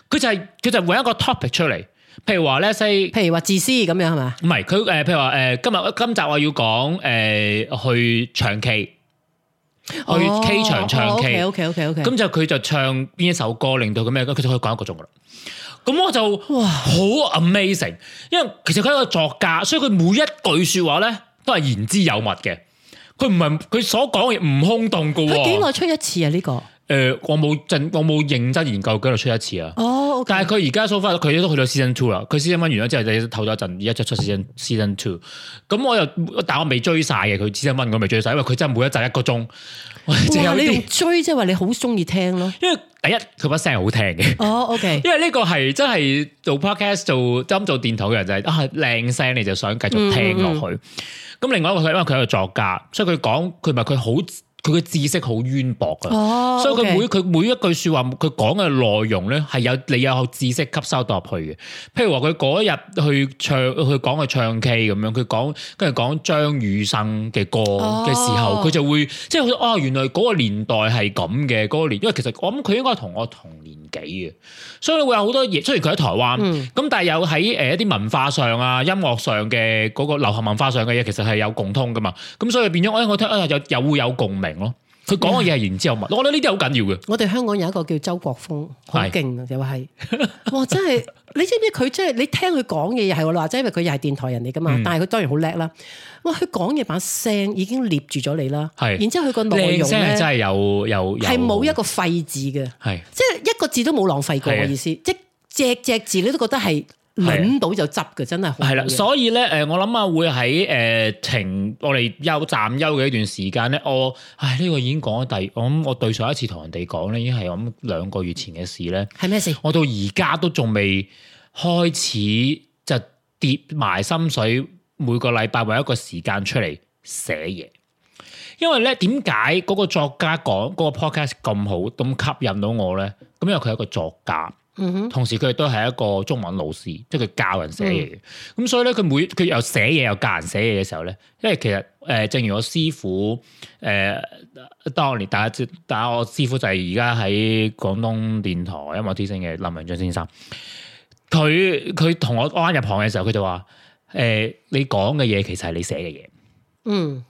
佢就係、是、佢就揾一個 topic 出嚟，譬如話咧西，譬如話自私咁樣係嘛？唔係佢誒，譬如話誒，今日今集我要講誒、呃、去唱 K。去 K 場唱 K，ok ok ok，咁就佢就唱邊一首歌，令到佢咩？佢就可以講一個鐘噶啦。咁我就哇，好 amazing，因為其實佢係一個作家，所以佢每一句說話咧都係言之有物嘅。佢唔係佢所講嘅唔空洞噶。佢幾耐出一次啊？呢個？誒、呃，我冇盡，我冇認真研究，佢喺度出一次啊。哦，oh, okay. 但係佢而家收翻咗，佢都去到 season two 啦。佢 season one 完咗之後，two, 就透咗一陣，而家就出 season two。咁我又，但我未追晒嘅，佢 season one 我未追晒，因為佢真係每一集一個鐘。哇！你，你用追即係話你好中意聽咯？因為第一佢把聲好聽嘅。哦、oh，OK。因為呢個係真係做 podcast 做啱做，做電台嘅人就係、是、啊靚聲你就想繼續聽落去。咁、嗯嗯、另外一個因為佢係個作家，所以佢講佢咪佢好。佢嘅知識好淵博噶，所以佢每佢每一句說話，佢講嘅內容咧係有你有知識吸收到入去嘅。譬如話佢嗰日去唱，去講嘅唱 K 咁樣，佢講跟住講張雨生嘅歌嘅時候，佢就會即係哦，原來嗰個年代係咁嘅嗰個年代，因為其實我諗佢應該同我同年紀嘅，所以你會有好多嘢。雖然佢喺台灣咁，但係有喺誒一啲文化上啊、音樂上嘅嗰個流行文化上嘅嘢，其實係有共通噶嘛。咁所以變咗，我我聽啊，有又會有共鳴。咯，佢講嘅嘢係然之後，嗯、我覺得呢啲好緊要嘅。我哋香港有一個叫周國峰，好勁啊，又係哇，真係你知唔知佢真係你聽佢講嘢又係話我，即係因為佢又係電台人嚟噶嘛。嗯、但係佢當然好叻啦。哇，佢講嘢把聲已經捏住咗你啦。係是，然之後佢個內容咧真係有有係冇一個廢字嘅，係即係一個字都冇浪費過嘅意思，即隻只字你都覺得係。揾到就執嘅，真係係啦。的的所以咧，誒、呃，我諗啊，會喺誒停我哋休暫休嘅一段時間咧，我係呢、呢個已經講咗第二，我諗我對上一次同人哋講咧，已經係我諗兩個月前嘅事咧。係咩事？嗎我到而家都仲未開始就跌埋心水，每個禮拜揾一個時間出嚟寫嘢。因為咧，點解嗰個作家講嗰、嗰個 podcast 咁好，咁吸引到我咧？咁因為佢係一個作家。嗯哼，同時佢亦都係一個中文老師，即係佢教人寫嘢。咁、嗯、所以咧，佢每佢又寫嘢又教人寫嘢嘅時候咧，因為其實誒、呃，正如我師傅誒、呃、當年打，大家知，但係我師傅就係而家喺廣東電台音樂之星嘅林文俊先生。佢佢同我安入行嘅時候，佢就話：誒、呃，你講嘅嘢其實係你寫嘅嘢。嗯。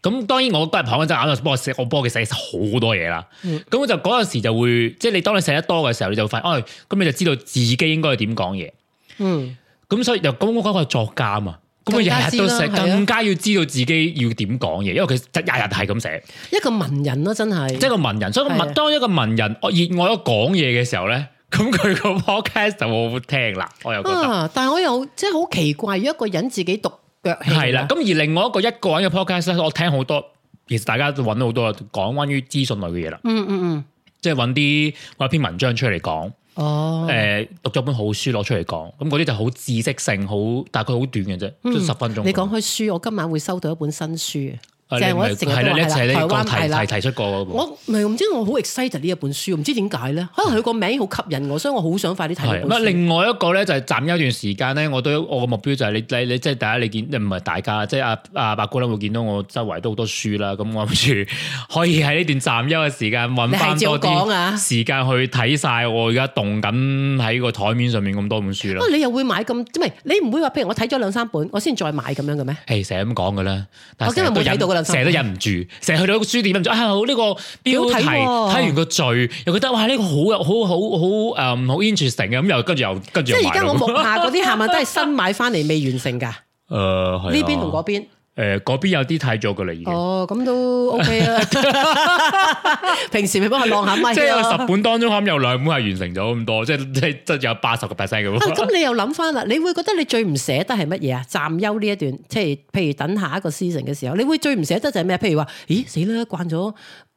咁當然我都係旁嗰陣眼就幫我寫，我幫佢寫好多嘢啦。咁我、嗯、就嗰陣時就會，即係你當你寫得多嘅時候，你就會發現，哎，咁你就知道自己應該點講嘢。嗯，咁所以又講講個作家嘛，咁佢日日都寫，更加，啊、更加要知道自己要點講嘢，因為佢日日係咁寫。一個文人咯、啊，真係。即一個文人，所以文當一個文人，是啊、而我熱愛講嘢嘅時候咧，咁佢個 podcast 就會聽啦。我又覺得，啊、但係我又即係好奇怪，如果一個人自己讀。係啦，咁而另外一個一個人嘅 podcast 咧，我聽好多，其實大家都揾到好多講關於資訊類嘅嘢啦。嗯嗯嗯，即係揾啲揾一篇文章出嚟講。哦，誒、呃，讀咗本好書攞出嚟講，咁嗰啲就好知識性，好但係佢好短嘅啫，都十、嗯、分鐘。你講開書，我今晚會收到一本新書。就我成日都話啦，你一台灣係啦，提提出過嗰本。我唔係唔知，我好 excited 呢一本書，唔知點解咧？可能佢個名好吸引我，所以我好想快啲睇。另外一個咧，就係暫休一段時間咧。我對我個目標就係你你即係、即係、大家你見，唔係大家，即係阿阿八姑娘咧會見到我周圍都好多書啦。咁我諗住可以喺呢段暫休嘅時間揾翻多啲時間去睇晒我而家動緊喺個台面上面咁多本書啦。你，你又會買咁唔係？你唔會話譬如我睇咗兩三本，我先再買咁樣嘅咩？係成日咁講嘅啦，我今日都睇到成日、嗯、都忍唔住，成日去到一個書店諗住，啊，好、這、呢個標題，睇、哦、完個序又覺得哇呢、這個好好好、um, 好誒，唔好 interesting 啊，咁又跟住又跟住即係而家我目下嗰啲係咪都係新買翻嚟未完成噶，誒呢、 呃、邊同嗰邊。 誒嗰、呃、邊有啲睇咗嘅嚟嘅，哦，咁都 OK 啦、啊。 平時你幫我攞下咪，即係十本當中可有兩本係完成咗咁多，即係即係有八十個 percent 嘅喎。咁、啊、你又諗翻啦，你會覺得你最唔捨得係乜嘢啊？暫休呢一段，即係譬如等下一個 season 嘅時候，你會最唔捨得就係咩？譬如話，咦死啦，慣咗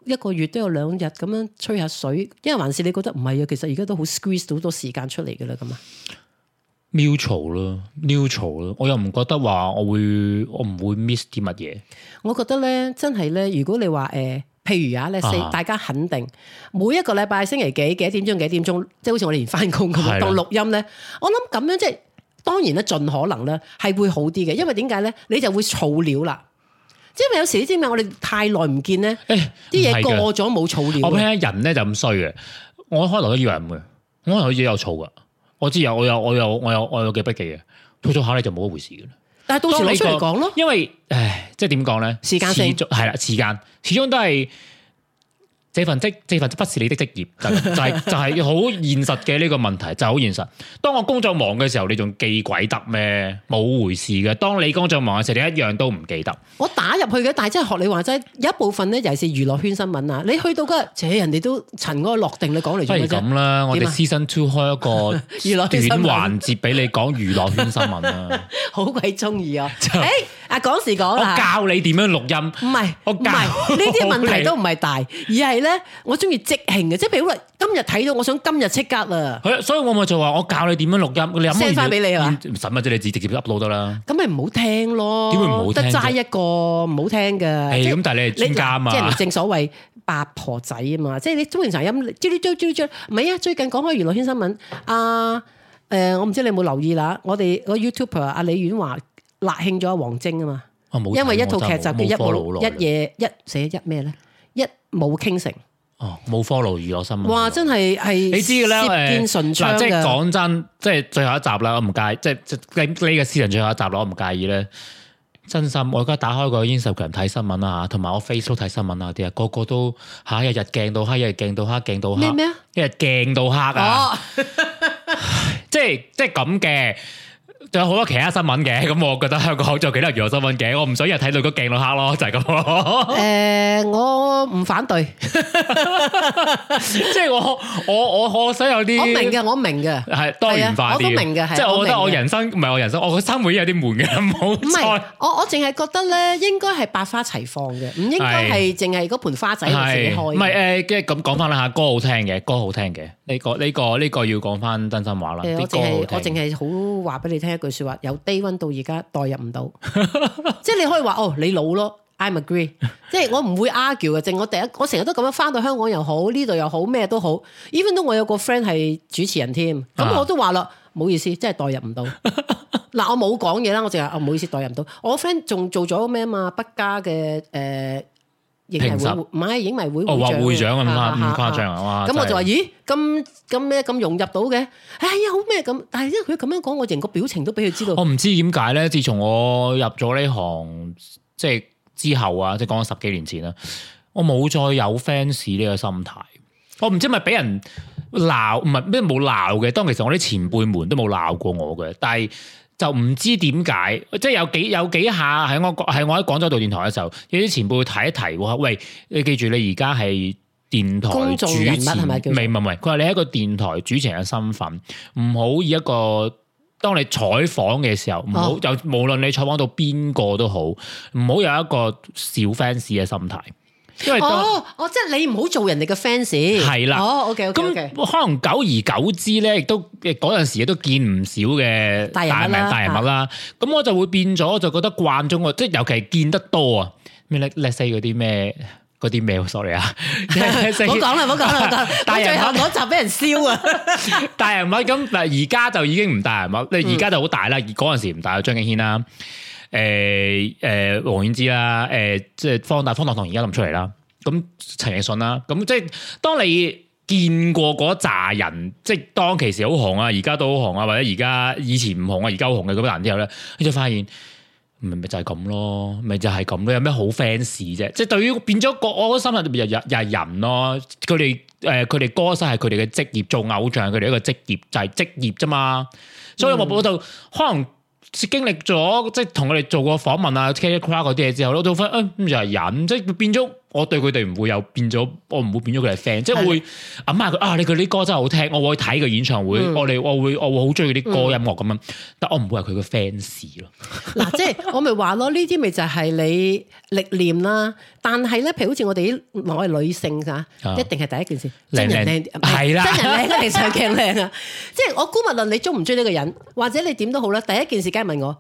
一個月都有兩日咁樣吹下水，因為還是你覺得唔係啊，其實而家都好 squeeze 到好多時間出嚟嘅啦，咁啊。mutual 咯，mutual 咯，我又唔覺得話我會，我唔會 miss 啲乜嘢。我覺得咧，真係咧，如果你話誒、呃，譬如、呃、啊，咧四大家肯定每一個禮拜星期幾幾點鐘幾點鐘，即係好似我哋而家翻工咁啊，到錄音咧，我諗咁樣即係當然咧，盡可能咧係會好啲嘅，因為點解咧，你就會儲料啦。因為有時你知唔知我哋太耐唔見咧，啲嘢、欸、過咗冇儲料我。我聽人咧就咁衰嘅，我開頭都以為唔會，我可能好似有儲噶。我知有，我有我有我有我有嘅筆記嘅，操作下你就冇一回事嘅啦。但係到時你講咯，因為誒，即係點講咧？時間性係啦，時間始終都係。這份職，這份職不是你的職業，就係就係好現實嘅呢個問題，就係好現實。當我工作忙嘅時候，你仲記鬼得咩？冇回事嘅。當你工作忙嘅時候，你一樣都唔記得。我打入去嘅，但係即係學你話齋，有一部分咧，尤其是娛樂圈新聞啊，你去到嗰，而且人哋都塵埃落定，你講嚟做咩啫？即係咁啦，我哋 season two 開一個娛樂短環節俾你講娛樂圈新聞啦，好鬼中意啊！誒，啊，講時講啦，我教你點樣錄音，唔係，我唔係呢啲問題都唔係大，而係。咧，我中意即興嘅，即係譬如話今日睇到，我想今日即刻啦。係，所以我咪就話我教你點樣錄音，你 send 翻俾你係嘛？唔使乜啫，你自己直接執到得啦。咁咪唔好聽咯？點會唔好聽？得齋一個唔好聽嘅。係咁，但係你係專家嘛？即係正所謂八婆仔啊嘛，即係你通常成日飲，追追追追追。唔係啊，最近講開娛樂圈新聞，阿誒，我唔知你有冇留意啦。我哋個 YouTuber 阿李婉華辣興咗王晶啊嘛。哦，冇。因為一套劇集嘅一冇一夜一寫一咩咧？一冇傾城，傾哦，冇 follow 娛樂新聞，哇真係，係你知嘅咧，誒，嗱即係講真，即係最後一集啦，我唔介意，即係即係呢個私人最後一集，我唔介意咧。真心我而家打開個 Instagram 睇新聞啊同埋我 Facebook 睇新聞啊啲啊，個個都吓一日鏡到黑，一日鏡到黑，鏡到黑咩咩啊，一日鏡到黑啊，哦、 即係即係咁嘅。.仲有好多其他新聞嘅，咁我覺得香港仲有幾多娛樂新聞嘅，我唔想一日睇到都勁到黑咯，就係咁咯。誒，我唔反對，即係我我我我想有啲，我明嘅，我明嘅，係多元化啲，我都明嘅，即係我覺得我人生唔係我人生，我嘅生活有啲悶嘅，冇錯。唔係，我我淨係覺得咧，應該係百花齊放嘅，唔應該係淨係嗰盆花仔自己開。唔係誒，即係咁講翻啦，下歌好聽嘅，歌好聽嘅，呢個呢個呢個要講翻真心話啦，啲歌好聽。我淨係好話俾你聽。一句說話，由 day one 到而家代入唔到。 即係你可以話哦，你老咯，I'm agree，即係我唔會 argue 嘅，淨我第一，我成日都咁樣，翻到香港又好，呢度又好，咩都好。even 都我有個 friend 係主持人添，咁我都話啦，唔好意思，真係代入唔到。嗱，我冇講嘢啦，我淨係啊，哦，唔好意思，代入唔到。我 friend 仲做咗咩嘛？不加嘅誒。呃影實唔係影迷會哦，或會，會長，會長啊嘛，咁誇張啊嘛，咁、啊、係嘛我就話咦，咁咁咩咁融入到嘅，哎呀好咩咁，但係因為佢咁樣講，我成個表情都俾佢知道。我唔知點解咧，自從我入咗呢行即係之後啊，即係講咗十幾年前啦，我冇再有 fans 呢個心態。我唔知係咪俾人鬧，唔係咩冇鬧嘅。當其時我啲前輩們都冇鬧過我嘅，但係。就唔知點解，即係有幾有幾下喺我廣係我喺廣州道電台嘅時候，有啲前輩會提一提喎。喂，你記住，你而家係電台主持，唔係叫？唔係唔係，佢話你係一個電台主持人嘅身份，唔好以一個當你採訪嘅時候，唔好、哦、就無論你採訪到邊個都好，唔好有一個小 fans 嘅心態。哦，哦，oh, oh, 即係你唔好做人哋嘅 fans。係啦了，哦，OK，OK，咁可能久而久之咧，亦都嗰陣時都見唔少嘅大，大人物啦。咁的我就會變咗，我就覺得慣咗，即係尤其見得多啊，咩咧咧西嗰啲咩，嗰啲咩，sorry 啊， 唔好講啦，唔好講啦，講。大人物最後嗰集俾人燒啊！大人物咁，但而家就已經唔大人物，你而家就好大啦。而嗰陣時唔大，張敬軒啦。誒誒，王菀之啦，誒即係方大方大同而家諗出嚟啦，咁陳奕迅啦，咁即係當你見過嗰扎人，即係當其時好紅啊，而家都好紅啊，或者而家以前唔紅啊，而家好紅嘅啲人之後咧，你就發現，咪就係、是、咁咯，咪就係、是、咁咯、就是、咯，有咩好 fans 啫？即係對於變咗個我嘅心入邊又又係人咯，佢哋誒佢哋歌手係佢哋嘅職業，做偶像佢哋一個職業就係、是、職業啫嘛，所以我我就、嗯、可能。即係經歷咗，即係同佢哋做過訪問啊、take a cry 嗰啲嘢之後，我都覺得，誒、哎，咁就係人，即係變咗。我對佢哋唔會有變咗，我唔會變咗佢哋 friend，即係我會諗下佢啊，你佢啲歌真係好聽，我會睇佢演唱會，我哋我會我會好中意啲歌音樂咁樣，但我唔會係佢嘅 fans 咯。嗱，即係我咪話咯，呢啲咪就係你歷練啦。但係咧，譬如好似我哋我係女性吓，一定係第一件事，真人靚係啦，真人靚定上鏡靚啊。即係我姑勿論，你中唔中意呢個人，或者你點都好啦，第一件事梗係問我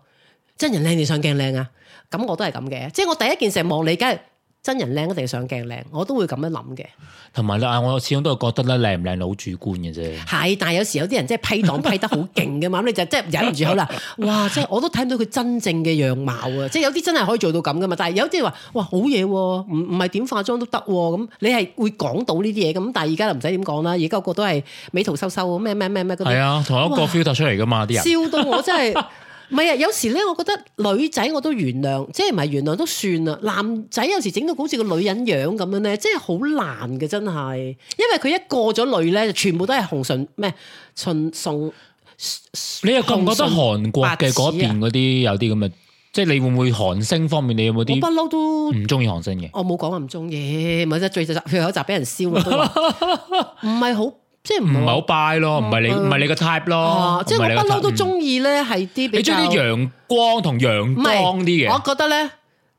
真人靚定上鏡靚啊。咁我都係咁嘅，即係我第一件事望你梗係。真人靚定係上鏡靚，我都會咁樣諗嘅。同埋咧，我始終都係覺得咧靚唔靚好主觀嘅啫。係，但係有時有啲人即係批檔批得好勁嘅嘛，咁 你就即係忍唔住口啦。哇！即係我都睇唔到佢真正嘅樣貌啊！即係有啲真係可以做到咁嘅嘛。但係有啲話哇好嘢，唔唔係點化妝都得咁、啊，你係會講到呢啲嘢咁。但係而家就唔使點講啦，而家個都係美圖秀秀咩咩咩咩嗰係啊，同一個 filter 出嚟嘅嘛啲人。哇笑到我真係～ 唔係啊！有時咧，我覺得女仔我都原諒，即係唔係原諒都算啦。男仔有時整到好似個女人樣咁樣咧，即係好難嘅真係。因為佢一過咗女咧，就全部都係紅唇咩純送。純純純，你又覺唔覺得韓國嘅嗰邊嗰啲、啊、有啲咁嘅？即係你會唔會韓星方面你有冇啲？我 不嬲都唔中意韓星嘅。我冇講話唔中意。咪即係最細集佢有集俾人燒啊！唔係好。即係唔係好 buy 咯，唔係、嗯、你唔係、嗯、你個 type 咯，啊、即係不嬲都中意咧係啲比你中意啲陽光同陽光啲嘅。我覺得咧，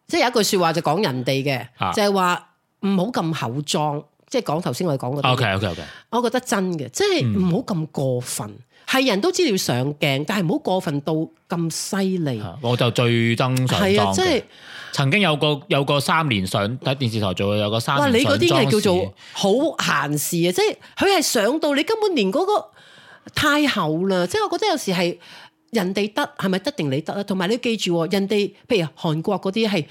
即係有一句說話就講人哋嘅，啊、就係話唔好咁厚裝，即係講頭先我哋講嗰啲。OK OK OK，我覺得真嘅，即係唔好咁過分，係人、嗯、都知道要上鏡，但係唔好過分到咁犀利。我就最憎上係啊，即、就、係、是。曾經有個有個三連上喺電視台做，有個三連，哇！你嗰啲係叫做好閒事啊，嗯，即係佢係上到你根本連嗰個太厚啦，即係我覺得有時係人哋得係咪得定你得啊？同埋你要記住，人哋譬如韓國嗰啲係。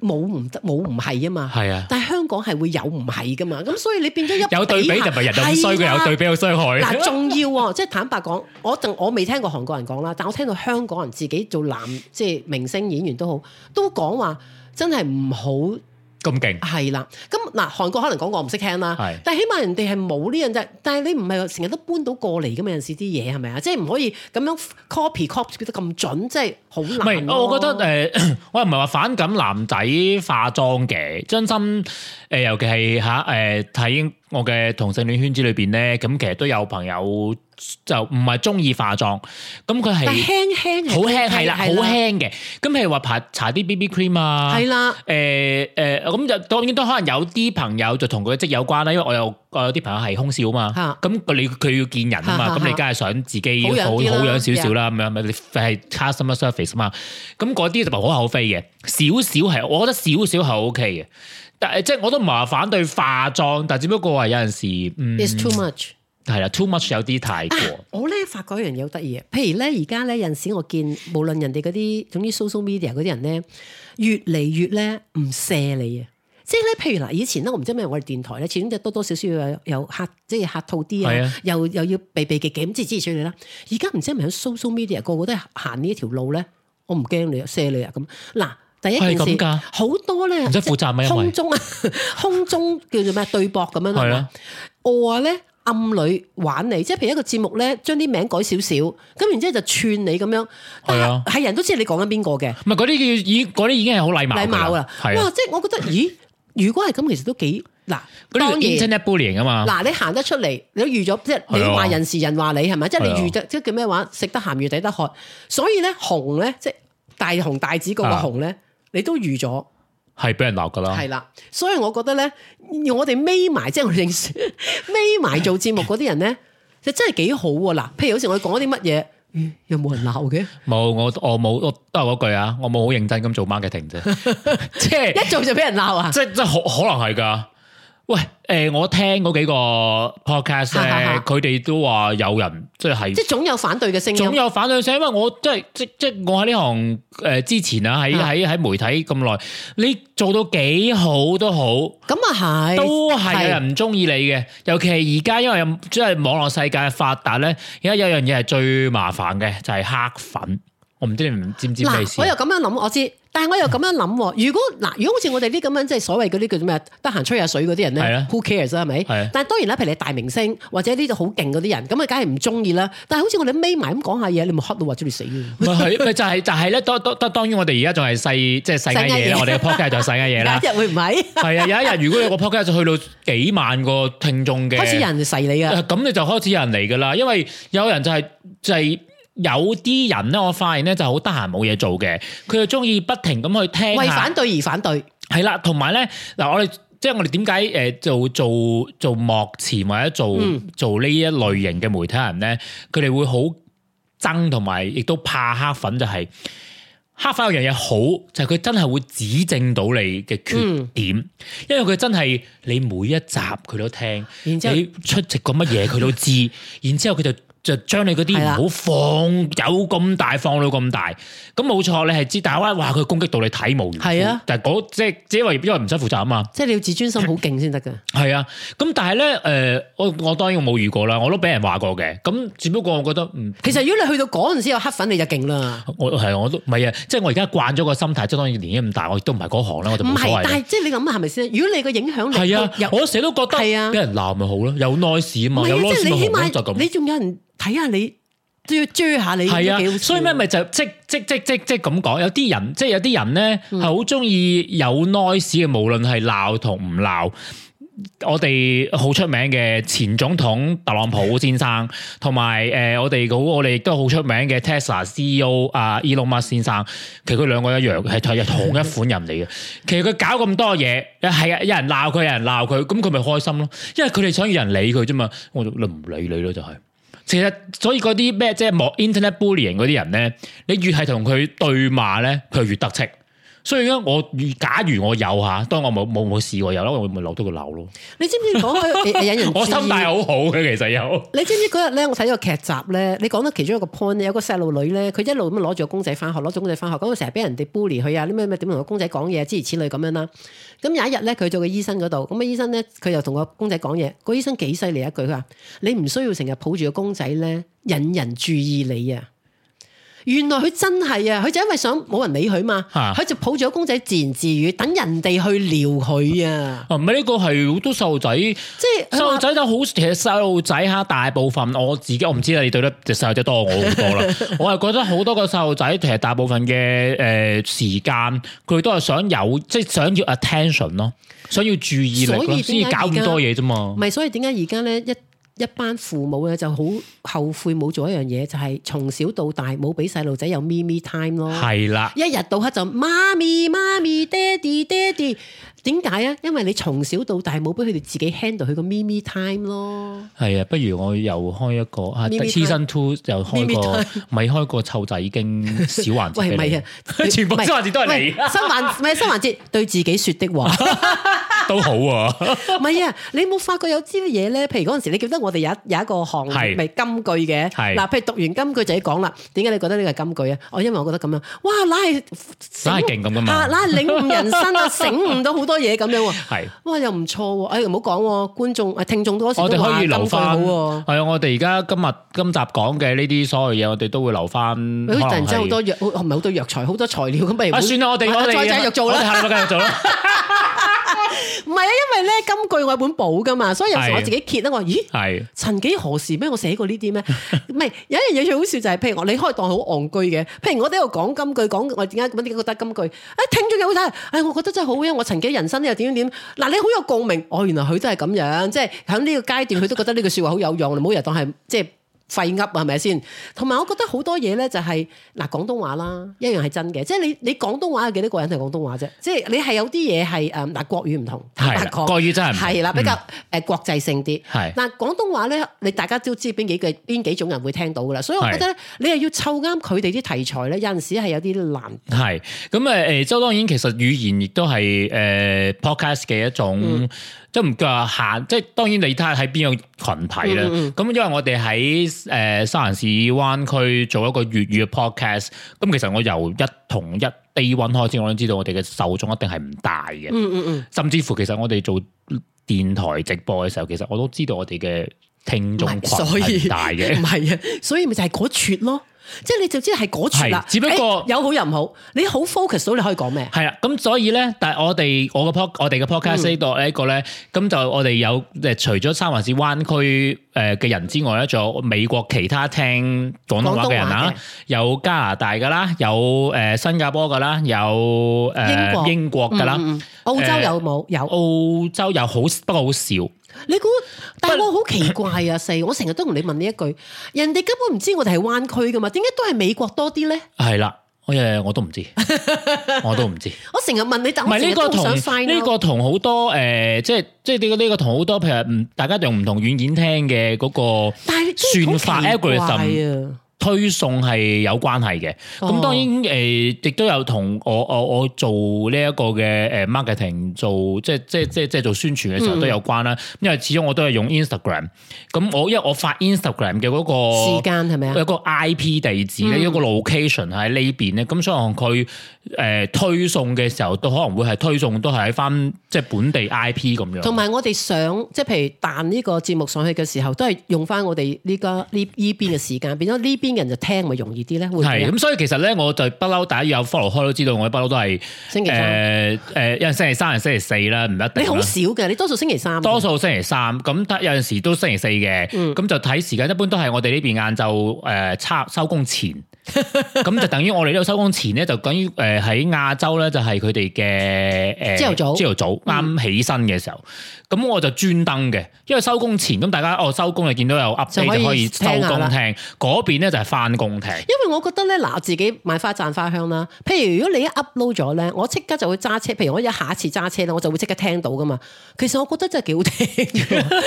冇唔得，冇唔係啊嘛。係啊，但係香港係會有唔係噶嘛，咁所以你變咗一比較係啊，有對比,就唔係人哋衰嘅、啊、比有對比有傷害。嗱、啊，重要喎、啊， 即係坦白講，我仲我未聽過韓國人講啦，但我聽到香港人自己做男，即係明星演員都好，都講話真係唔好。咁勁係啦，咁嗱，韓國可能講過我唔識聽啦，係但係起碼人哋係冇呢樣啫。但係你唔係成日都搬到過嚟嘅嘛？有時啲嘢係咪啊？即係唔可以咁樣 copy copy, copy 得咁準，即係好難、啊。唔係，我覺得誒、呃，我又唔係話反感男仔化妝嘅，真心誒、呃，尤其係嚇誒睇。我嘅同性戀圈子裏邊咧，咁其實都有朋友就唔係中意化妝，咁佢係輕輕，好輕，係啦對，好輕嘅。咁譬如話搽啲 BB cream 啊，係啦了，誒誒、欸，咁、欸、就當然都可能有啲朋友就同佢職有關啦。因為我有我有啲朋友係空少啊嘛，咁佢、啊、你佢要見人啊嘛，咁、啊、你梗係想自己要好、啊、好樣少少啦，咁樣咪你係 customer service 嘛，咁嗰啲就唔好後悔嘅，少少係，我覺得少少係 OK 嘅。小小即係我都唔係話反對化妝，但係只不過話有陣時，嗯，係啦 too much，too much 有啲太過。啊、我咧發覺一樣嘢好得意嘅，譬如咧而家咧有陣時我見，無論人哋嗰啲，總之 social media 嗰啲人咧，越嚟越咧唔卸你啊！即係咧，譬如嗱，如以前咧我唔知咩，我哋電台咧，始終即多多少少有有客，即係客套啲啊的，又又要避避忌忌咁即支持你啦。而家唔知係咪喺 social media 個個都行呢一條路咧，我唔驚你啊，卸你啊咁嗱。第一件事好多咧，即係空中啊，空中叫做咩對搏咁樣咯。我咧暗裏玩你，即係譬如一個節目咧，將啲名改少少，咁然之後就串你咁樣。係啊，人都知你講緊邊個嘅。唔係嗰啲叫已，嗰啲已經係好禮貌啦。哇，即係我覺得，咦？如果係咁，其實都幾嗱。當然真係 bullying 啊嘛。嗱，你行得出嚟，你都預咗即係你話人事人話你係咪？即係你預得，即係叫咩話？食得鹹魚抵得渴。所以咧紅咧，即係大紅大紫嗰個紅咧。你都預咗，係俾人鬧噶啦。係啦，所以我覺得咧，我哋眯埋即係認輸，眯埋做節目嗰啲人咧， 就真係幾好喎。嗱，譬如好似我哋講啲乜嘢，嗯、有冇人鬧嘅？冇，我我冇，我都係嗰句啊，我冇好認真咁做 marketing 啫。 即係是 一做就俾人鬧啊！即即可可能係㗎。喂，誒，我聽嗰幾個 podcast 咧，佢哋係都話有人、即係、即係，即係總有反對嘅聲音，總有反對聲。因為我即係即即我喺呢行誒、呃、之前啊，喺喺喺媒體咁耐，你做到幾好都好，咁啊係，都係有人唔中意你嘅。即係尤其係而家，因為即係網絡世界發達咧，而家有樣嘢係最麻煩嘅，就係、係、黑粉。我唔知你知唔知咩事？我又咁樣諗，我知。但係我又咁樣諗，如果嗱，如果好似我哋啲咁樣，即係所謂嗰啲叫咩，得閒吹下水嗰啲人咧，係啊，Who cares 啊，係咪？但係當然啦，譬如你大明星或者呢啲好勁嗰啲人，咁啊，梗係唔中意啦。但係好似我哋眯埋咁講下嘢，你咪黑到話出嚟死咯。咪就係就係咧，當當當，當然我哋而家仲係細，即係細嘅嘢，我哋嘅 Podcast 就細嘅嘢啦。一日會唔係？係啊，有一日如果你個 Podcast 就去到幾萬個聽眾嘅，開始有人勢你啊。咁你就開始有人嚟噶啦，因為有人就係就係。有啲人咧，我發現咧就好得閒冇嘢做嘅，佢就鍾意不停咁去聽。為反對而反對。係啦，同埋咧嗱，我哋即係我哋點解誒做做做幕前或者做、嗯、做呢一類型嘅媒體人咧？佢哋會好憎，同埋亦都怕黑粉，就係、是、黑粉有樣嘢好，就係、是、佢真係會指正到你嘅缺點，嗯、因為佢真係你每一集佢都聽，然後你出席過乜嘢佢都知， 然之後佢就。就將你嗰啲唔好放，啊、有咁大放到咁大，咁冇錯，你係知，大係哇，佢攻擊到你體無完膚，啊，但係嗰即係只因為因為唔使負責啊嘛，即係你要自尊心好勁先得嘅，係、嗯、啊，咁但係咧誒，我我當然冇遇過啦，我都俾人話過嘅，咁只不過我覺得嗯，其實如果你去到嗰陣時有黑粉，你就勁啦，啊，我係我都唔係啊，即係我而家慣咗個心態，即係當然年紀咁大，我亦都唔係嗰行啦，我就唔係，但係即係你諗下係咪先？如果你個影響力係啊，我成日都覺得係啊，俾人鬧咪好咯，有內視啊嘛，啊有內視起，唔好你仲有人？睇下你都要追下你，係啊，所以咩咪就即即即即即咁講。有啲人即係有啲人咧，係好中意有 noise 嘅，無論係鬧同唔鬧。我哋好出名嘅前總統特朗普先生，同埋誒，我哋好我哋亦都好出名嘅 Tesla CEO 阿 Elon Musk 先生。其實佢兩個一樣，係係同一款人嚟嘅。其實佢搞咁多嘢，係啊，有人鬧佢，有人鬧佢，咁佢咪開心咯。因為佢哋想要人理佢啫嘛。我你唔理你咯，就係。其實，所以嗰啲咩即係莫、就是、Internet bullying 嗰啲人咧，你越係同佢對罵咧，佢就越得戚。所以咧，我假如我有吓，當我冇冇冇試過有咧，我咪落到個樓咯。你知唔知講開 引人？我心態好好嘅，其實有。你知唔知嗰日咧，我睇個劇集咧，你講得其中一個 point，有個細路女咧，佢一路咁樣攞住個公仔翻學，攞住公仔翻學，咁佢成日俾人哋 bully 佢啊，啲咩咩點同個公仔講嘢，諸如此類咁樣啦。咁有一日咧，佢做個醫生嗰度，咁啊醫生咧，佢又同個公仔講嘢，個醫生幾犀利一句，佢話：你唔需要成日抱住個公仔咧，引人注意你啊！原來佢真係啊！佢就因為想冇人理佢嘛，佢、啊、就抱住個公仔自言自語，等人哋去撩佢啊！啊，唔係呢個係好多細路仔，即係細路仔就好。其實細路仔吓大部分我自己我唔知啦，你對得隻細路仔多，多 我好多啦。我係覺得好多個細路仔其實大部分嘅誒時間，佢都係想有即係、就是、想要 attention 咯，想要注意力咯，先至搞咁多嘢啫嘛。唔係，所以點解而家咧一？一班父母咧就好後悔冇做一樣嘢，就係、是、從小到大冇俾細路仔有咪咪 time 咯，係啦的，一日到黑就媽咪媽咪爹地爹地。爹地點解啊？因為你從小到大冇俾佢哋自己 handle 佢個咪咪 time 咯。係啊，不如我又開一個啊，Season two 又開個咪開個臭仔，已經小環節。喂，咪啊，全部小環節都係你。新環唔係新環節，對自己說的話都好啊。唔係啊，你冇發覺有啲嘢咧？譬如嗰陣時，你記得我哋有一有一個項目係金句嘅。嗱，譬如讀完金句就係講啦。點解你覺得呢個係金句啊？我因為我覺得咁樣，哇，嗱係，嗱係勁咁噶嘛，嗱係領悟人生啊，醒悟到好。多嘢咁樣喎，係哇又唔錯喎，哎唔好講喎，觀眾啊聽眾多時都可以留翻好喎，係啊，我哋而家今日今集講嘅呢啲所有嘢，我哋都會留翻、哎。突然之間好多藥，係咪好多藥材，好多材料咁，不如、啊、算啦，我哋我哋再繼續做啦，繼續做啦。唔係啊，因為咧金句我有本簿㗎嘛，所以有時我自己揭啦，是的 我咦？係，曾幾何時咩？我寫過呢啲咩？唔係 有一樣嘢最好笑就係、是，譬如我你可以當我好戇居嘅，譬如我哋喺度講金句，講我點解咁啲覺得金句，哎聽咗幾好睇，我覺得真係好，因為我曾經人生又點樣點？嗱你好有共鳴，我、哦、原來佢都係咁樣，即係喺呢個階段佢都覺得呢句説話好有用，你唔好日當係即係。廢噏係咪先？同埋我覺得好多嘢咧、就係，就係嗱廣東話啦，一樣係真嘅。即係你你廣東話有幾多個人係廣東話啫？即係你係有啲嘢係誒嗱國語唔同，國語唔同的國語真係唔同，係啦，比較誒、嗯、國際性啲。係嗱的廣東話咧，你大家都知邊幾句，邊幾種人會聽到噶啦。所以我覺得咧，的你係要湊啱佢哋啲題材咧，有陣時係有啲難。係咁誒誒，即係當然其實語言亦都係誒 podcast 嘅一種。嗯即係唔夠限，即係當然你睇下喺邊個群體啦。咁、嗯嗯、因為我哋喺誒三藩市灣區做一個粵語嘅 podcast，咁、嗯嗯嗯、其實我由一同一 Day One 開始，我都知道我哋嘅受眾一定係唔大嘅。嗯嗯嗯。甚至乎其實我哋做電台直播嘅時候，其實我都知道我哋嘅聽眾群係唔大嘅。唔係啊，所以咪就係嗰撮咯。即係你就知係嗰串啦，只不過有好又唔好，你好 focus 到你可以講咩？係啦，咁所以咧，但係我哋我嘅 pod 我哋嘅 podcast 呢度一個咧，咁就我哋有誒除咗三藩市灣區誒嘅人之外咧，仲有美國其他聽廣東話嘅人啦，有加拿大噶啦，有誒新加坡噶啦，有誒英國英國噶啦，澳洲有冇？有？澳洲有，好不過好少。你估但我好奇怪啊！四 我成日都同你問呢一句，人哋根本唔知我哋係灣區噶嘛？點解都係美國多啲咧？係啦，我日 我都唔知， 我都唔知。我成日問你，但係呢個同呢個同好多誒、呃，即係即係呢、這個呢、這個同好多，譬、呃這個這個、如唔大家用唔同軟件聽嘅嗰、那個，算法 algorithm 啊。推送係有關係嘅，咁、哦、當然誒亦、呃、都有同我我我做呢、呢、一個嘅誒、uh, marketing 做，即係即係即係即係做宣傳嘅時候都有關啦。嗯、因為始終我都係用 Instagram，咁我因為我發 Instagram 嘅、嗰個時間係咪啊？有個 IP 地址咧，有個 location 喺呢邊咧，咁、嗯、所以佢誒、呃、推送嘅時候都可能會係推送都係喺翻即係本地 IP 咁樣、嗯，同埋我哋想即係譬如彈呢個節目上去嘅時候，都係用翻我哋呢、呢個呢呢邊嘅時間變咗呢邊。人就聽咪容易啲咧？係咁、嗯，所以其實咧，我就不嬲。大家有 follow 開都知道，我不嬲都係星期誒誒，一星期三、一、呃、星、星期四啦，唔一定。你好少嘅，你多數、星期、多數星期三，多數星期三。咁有陣時都星期四嘅，咁、嗯、就睇時間。一般都係我哋呢邊晏晝誒差收工前，咁 就等於我哋呢度收工前咧，就等於誒喺、呃、亞洲咧，就係佢哋嘅誒朝頭早、朝頭早，朝頭、嗯、早啱起身嘅時候。咁我就專登嘅，因為收工前咁大家哦收工，你見到有 update 就可以收工聽。嗰邊咧就係返工聽。了聽因為我覺得咧嗱，我自己買花讚花香啦。譬如如果你一 upload 咗咧，我即刻就會揸車。譬如我一下次揸車咧，我就會即刻聽到㗎嘛。其實我覺得真係幾好聽。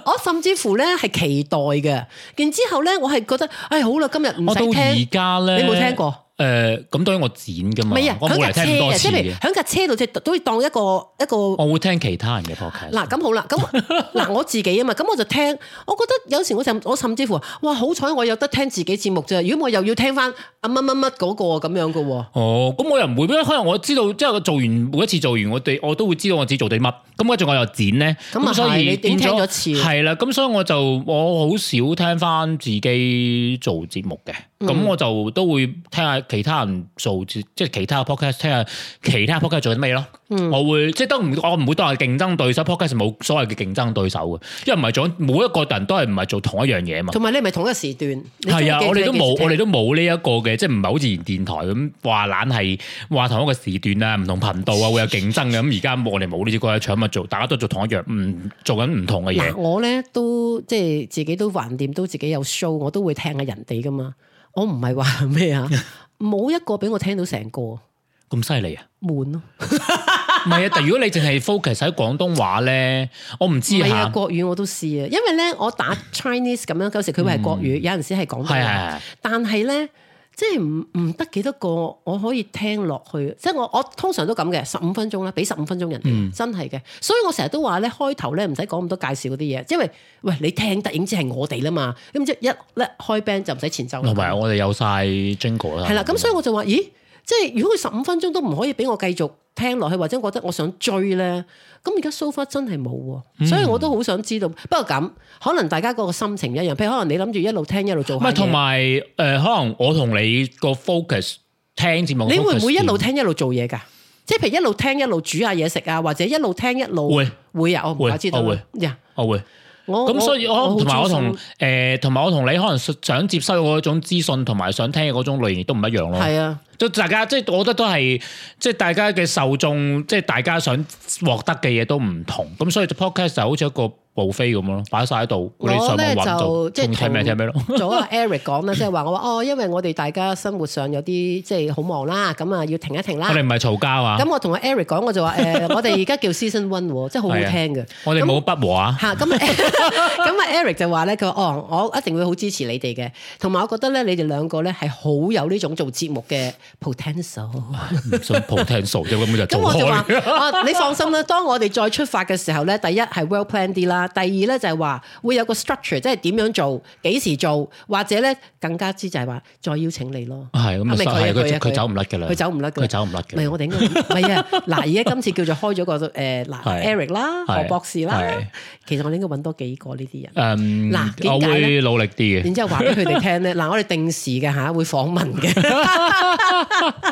我甚至乎咧係期待嘅。然之後咧，我係覺得誒、哎、好啦，今日唔使聽。我到而家咧，你冇聽過。誒，咁當然我剪噶嘛，啊、我冇嚟聽咁多次嘅。喺架車度、啊、即係都會當一個一個。我會聽其他人嘅 program 嗱，咁、啊、好啦，咁嗱我自己啊嘛，咁我就聽。 我覺得有時我甚我甚至乎，哇，好彩我有得聽自己節目啫。如果我又要聽翻啊乜乜乜嗰個咁樣嘅，哦，咁我又唔會，因為可能我知道，即係做完每一次做完我哋，我都會知道我自己做啲乜。咁跟住我又剪咧？咁啊係，所以你聽咗次。係啦以，咁、嗯、所以我就以我好少聽翻自己做節目嘅。咁、嗯、我就都會聽下其他人做即係其他 podcast，聽下其他 podcast 做緊咩咯。嗯、我會即係都唔我唔會當係競爭對手。podcast 冇所謂嘅競爭對手嘅，因為唔係做每一個人都係唔係做同一樣嘢嘛。同埋你係咪同一時段？係啊，我哋都冇我哋都冇呢一個嘅，即係唔係好似電台咁話攬係話同一個時段啊，唔同頻道啊會有競爭嘅。咁而家我哋冇呢啲嘢搶乜做，大家都做同一樣，唔做緊唔同嘅嘢。嗱，我咧都即係自己都橫掂，都自己有 show，我都會聽下人哋噶嘛。我唔係話咩啊，冇一個俾我聽到成個，咁犀利啊？悶囉。唔係啊，但如果你淨係 focus 喺廣東話咧，我唔知啊，國語我都試啊，因為咧我打 Chinese 咁樣，有時佢會係國語，嗯、有陣時係廣東話，是是是是但係咧。即係唔唔得幾多個我可以聽落去，即係我我通常都咁嘅，十五分鐘啦，俾十五分鐘人，嗯、真係嘅。所以我成日都話咧，開頭咧唔使講咁多介紹嗰啲嘢，因為喂你聽得已經知係我哋啦嘛，咁即係一咧開 band 就唔使前奏。同埋我哋有晒 jingle 啦。係啦，咁所以我就話，咦，即係如果佢十五分鐘都唔可以俾我繼續。聽落去或者覺得我想追咧，咁而家 so far 真係冇，所以我都好想知道。不過咁，可能大家個心情一樣，譬如，可能你諗住一路聽一路做。唔係，同埋誒，可能我同你個 focus 聽節目，你會唔會一路聽一路做嘢噶？即係譬如一路聽一路煮下嘢食啊，或者一路聽一路會會啊？我唔知道呀，我會。咁我所以我同埋我同誒同埋我同、呃、你可能想接收嗰種資訊同埋想聽嘅種類型都唔一樣咯。係啊，即大家即係我覺得都係即係大家嘅受眾，即係大家想獲得嘅嘢都唔同。咁所以就 podcast 就好似一個。無非咁咯，擺晒喺度。我咧就即係聽咩聽咩咯，早阿 Eric 講啦，即係話我話哦，因為我哋大家生活上有啲即係好忙啦，咁啊要停一停啦。我哋唔係嘈交啊。咁我同阿 Eric 講，我就話誒，我哋而家叫 Season One，即係好好聽嘅。我哋冇不和啊。吓咁，咁阿 Eric 就話咧，佢話哦，我一定會好支持你哋嘅。同埋我覺得咧，你哋兩個咧係好有呢種做節目嘅 potential。所以 potential，因為根本就做開。咁我就話，你放心啦，當我哋再出發嘅時候咧，第一係 well planned 啲啦。第二咧就係話會有個 structure，即係點樣做、幾時做，或者咧更加之就係話再邀請你咯。係咁佢走唔甩嘅啦，佢走唔甩嘅，佢走唔甩嘅。咪我哋應該咪啊，嗱，而家今次叫做開咗個誒，嗱 Eric 啦，何博士啦，其實我哋應該揾多幾個呢啲人，嗱，我會努力啲嘅。然之後話俾佢哋聽咧，嗱我哋定時嘅嚇會訪問嘅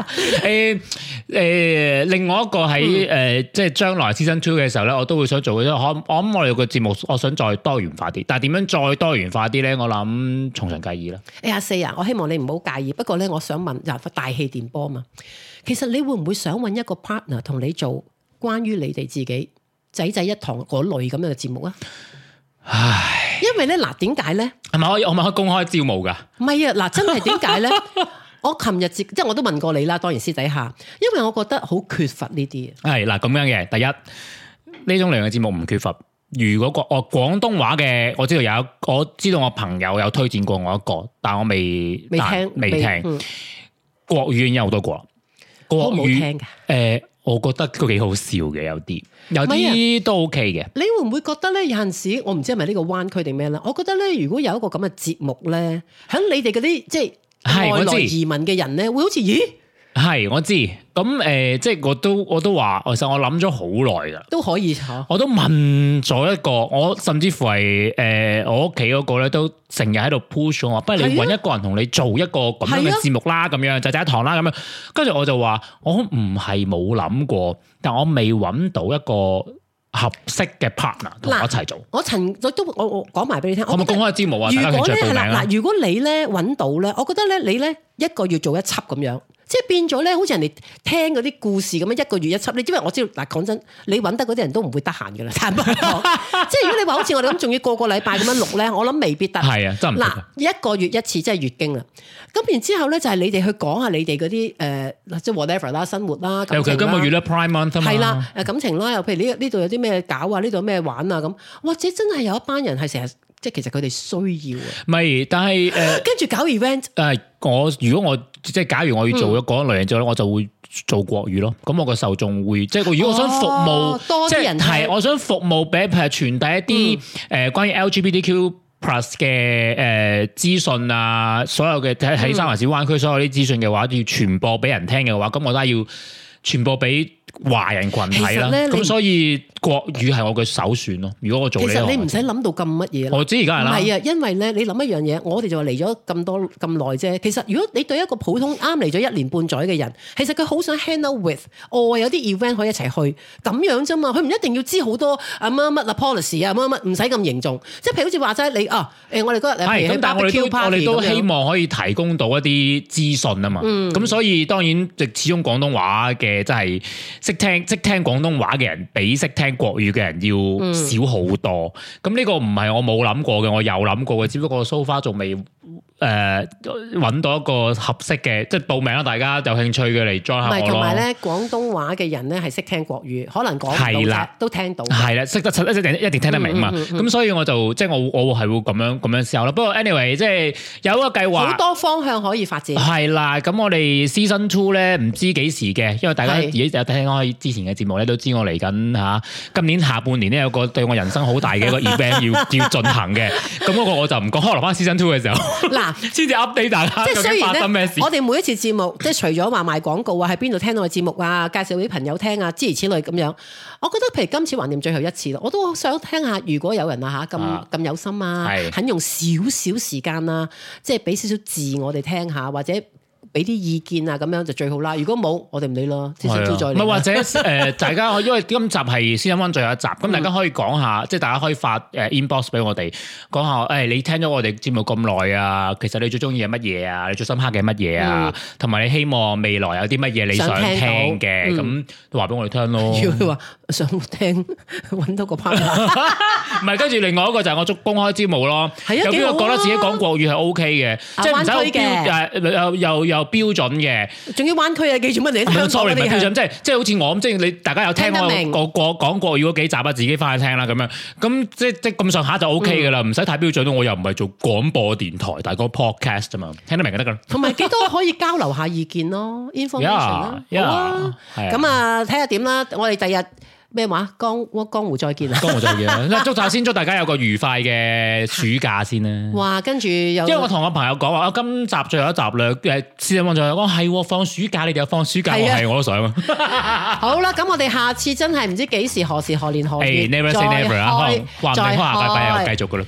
誒，誒，另外一個喺誒即係將來 Season Two 嘅時候咧，我都會想做，嘅。為我我諗我哋。個。節目我想再多元化啲，但係點樣再多元化啲咧？我諗從長計議啦。誒，阿四啊，我希望你唔好介意。不過咧,我想問，又係大氣電波啊嘛。其實你會唔會想揾一個 partner 同你做關於你哋自己仔仔一堂嗰類咁樣嘅節目啊？唉，因為咧嗱，點解咧？係咪可以我咪可以公開招募㗎？唔係啊，嗱，真係點解咧？我琴日即係我都問過你啦，當然私底下，因為我覺得好缺乏呢啲。係嗱，咁樣嘅，第一呢種類型嘅節目唔缺乏。如果廣我廣東話嘅，我知道有，我知道我朋友有推薦過我一個，但我未未聽未聽過、嗯、國語有好多個，個國語嘅誒、呃，我覺得都幾好笑嘅，有啲有啲、啊、都 OK 嘅。你會唔會覺得咧？有陣時我唔知係咪呢個灣區定咩咧？我覺得咧，如果有一個咁嘅節目咧，喺你哋嗰啲即係外來移民嘅人咧，會好似咦？係，我知咁、誒、嗯，即係我都我都話，其實我諗咗好耐噶，都可以。我都問咗一個，我甚至乎係誒、呃，我屋企嗰個咧都成日喺度 push 我，不如你揾一個人同你做一個咁樣嘅節目啦，咁樣就一堂啦，咁、嗯嗯、樣。跟住我就話，我唔係冇諗過，但我未揾到一個合適嘅 partner 同我一齊做。我曾都我我講埋俾你聽，我唔公開個節目啊。大家如果咧係啦嗱，如果你咧揾到咧，我覺得咧你咧一個月做一輯咁樣。即係變咗咧，好似人哋聽嗰啲故事咁樣一個月一輯。你因為我知道，嗱講真，你揾得嗰啲人都唔會得閒嘅啦，即係 如果你話好似我哋咁，仲要個個禮拜咁樣錄咧，我諗未必得。係啊， 真嗱一個月一次，真係月經啦。咁然之後咧，就係、是、你哋去講下你哋嗰啲誒，即 whatever 啦，生活啦。尤其今個月啦 Prime Month 啊。係啦，感情啦，又譬如呢呢度有啲咩搞啊，呢度咩玩啊咁，或者真係有一班人係成日。即係其實佢哋需要啊，係，但係誒，跟住搞 event 誒、呃，我如果我即係假如我要做咗嗰類嘢之後咧，嗯、我就會做國語咯。咁我個受眾會即係，如果我想服務、哦、多啲人係是聽，我想服務俾誒傳遞一啲誒關於 LGBTQ plus 嘅誒資、呃、訊啊，所有嘅喺喺三藩市灣區所有啲資訊嘅話要傳播俾人聽嘅話，咁我都係要傳播俾。華人群體啦，咁所以國語係我嘅首選咯。如果我做，其實你唔使諗到咁乜嘢。我知而家係喇，係啊，因為咧，你諗一樣嘢，我哋就嚟咗咁多咁耐啫。其實如果你對一個普通啱嚟咗一年半載嘅人，其實佢好想 handle with，哦，有啲 event 可以一齊去咁樣啫嘛。佢唔一定要知好多乜乜啊 policy 啊乜乜乜，唔使咁嚴重。即係譬如好似話齋你啊，誒，是我哋嗰日係咁打 BBQ party 咁樣。我哋都希望可以提供到一啲資訊啊嘛。咁、嗯、所以當然，即始終廣東話嘅真係。識聽識聽廣東話嘅人比識聽國語嘅人要少好多，咁呢個唔係我冇諗過嘅，我有諗過嘅，只不過 so far 仲未誒搵到一個合適嘅，即係報名啦，大家有興趣嘅嚟 join 下我咯。唔係，同埋咧廣東話嘅人咧係識聽國語，可能講唔到啫，都聽到。係啦，識得一一定一定聽得明嘛。咁所以我就即係我我係會咁樣咁樣試下咯。不過 anyway，即係有個計劃。好多方向可以發展。係啦，咁我哋 season two 咧唔知幾時嘅，因為大家而家有聽之前嘅節目咧都知我嚟緊嚇，今年下半年咧有個對我人生好大嘅一個 event 要 要，要進行嘅，咁、那、嗰個我就唔講。可能我返 season two 嘅時候，嗱先至 update 大家。即係雖然咧，發生咩事我哋每一次節目，即係除咗話賣廣告啊，喺邊度聽到嘅節目啊，介紹俾朋友聽啊，諸如此類咁樣。我覺得譬如今次橫掂最後一次我都想聽下，如果有人啊嚇咁咁有心啊，的肯用少少時間啊，即係俾少少字我哋聽下，或者。俾啲意見啊，咁樣就最好啦。如果冇，我哋唔理咯。先收再咪或者誒，大家因為今集係 Season 1最後一集，咁大家可以講下，即係大家可以發誒 inbox 俾我哋講下。誒，你聽咗我哋節目咁耐啊，其實你最中意係乜嘢啊？你最深刻嘅乜嘢啊？同埋你希望未來有啲乜嘢你想聽嘅咁，話俾我哋聽咯。如果話想聽，揾到個 partner，唔係跟住另外一個就係我做公開節目咯。有邊個覺得自己講國語係 OK 嘅？即係唔又又。有標準嘅，仲要灣區啊！記住乜嘢？sorry，唔係標準，即係即係好似我咁，即係你大家有聽我我講過嗰幾集啊，自己翻去聽啦咁樣。咁即即咁上下就 O K 噶啦，唔使太標準咯。我又唔係做廣播電台，但係個 podcast 啫嘛，聽得明就得噶啦。同埋幾多可以交流下意見咯？information 啦，好啊，咁啊，睇下點啦。我哋第日。咩話江？江湖再見啦！江湖再見啦！祝晒先，祝大家有個愉快嘅暑假先啦。哇！跟住又，因為我同我朋友講話，我今集最後一集啦。誒，先望問咗我，我係放暑假，你哋有放暑假係我都想。好啦，咁我哋下次真係唔知幾時、何時、何年、何月再開，話唔定下個禮拜又繼續噶啦。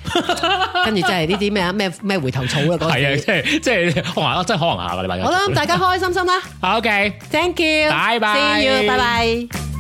跟住就係呢啲咩啊？咩咩回頭草啊？嗰啲係啊！即係即係可能，真係可能下個禮拜。好啦，大家開開心心啦。OK，Thank you，拜拜 See you，拜拜。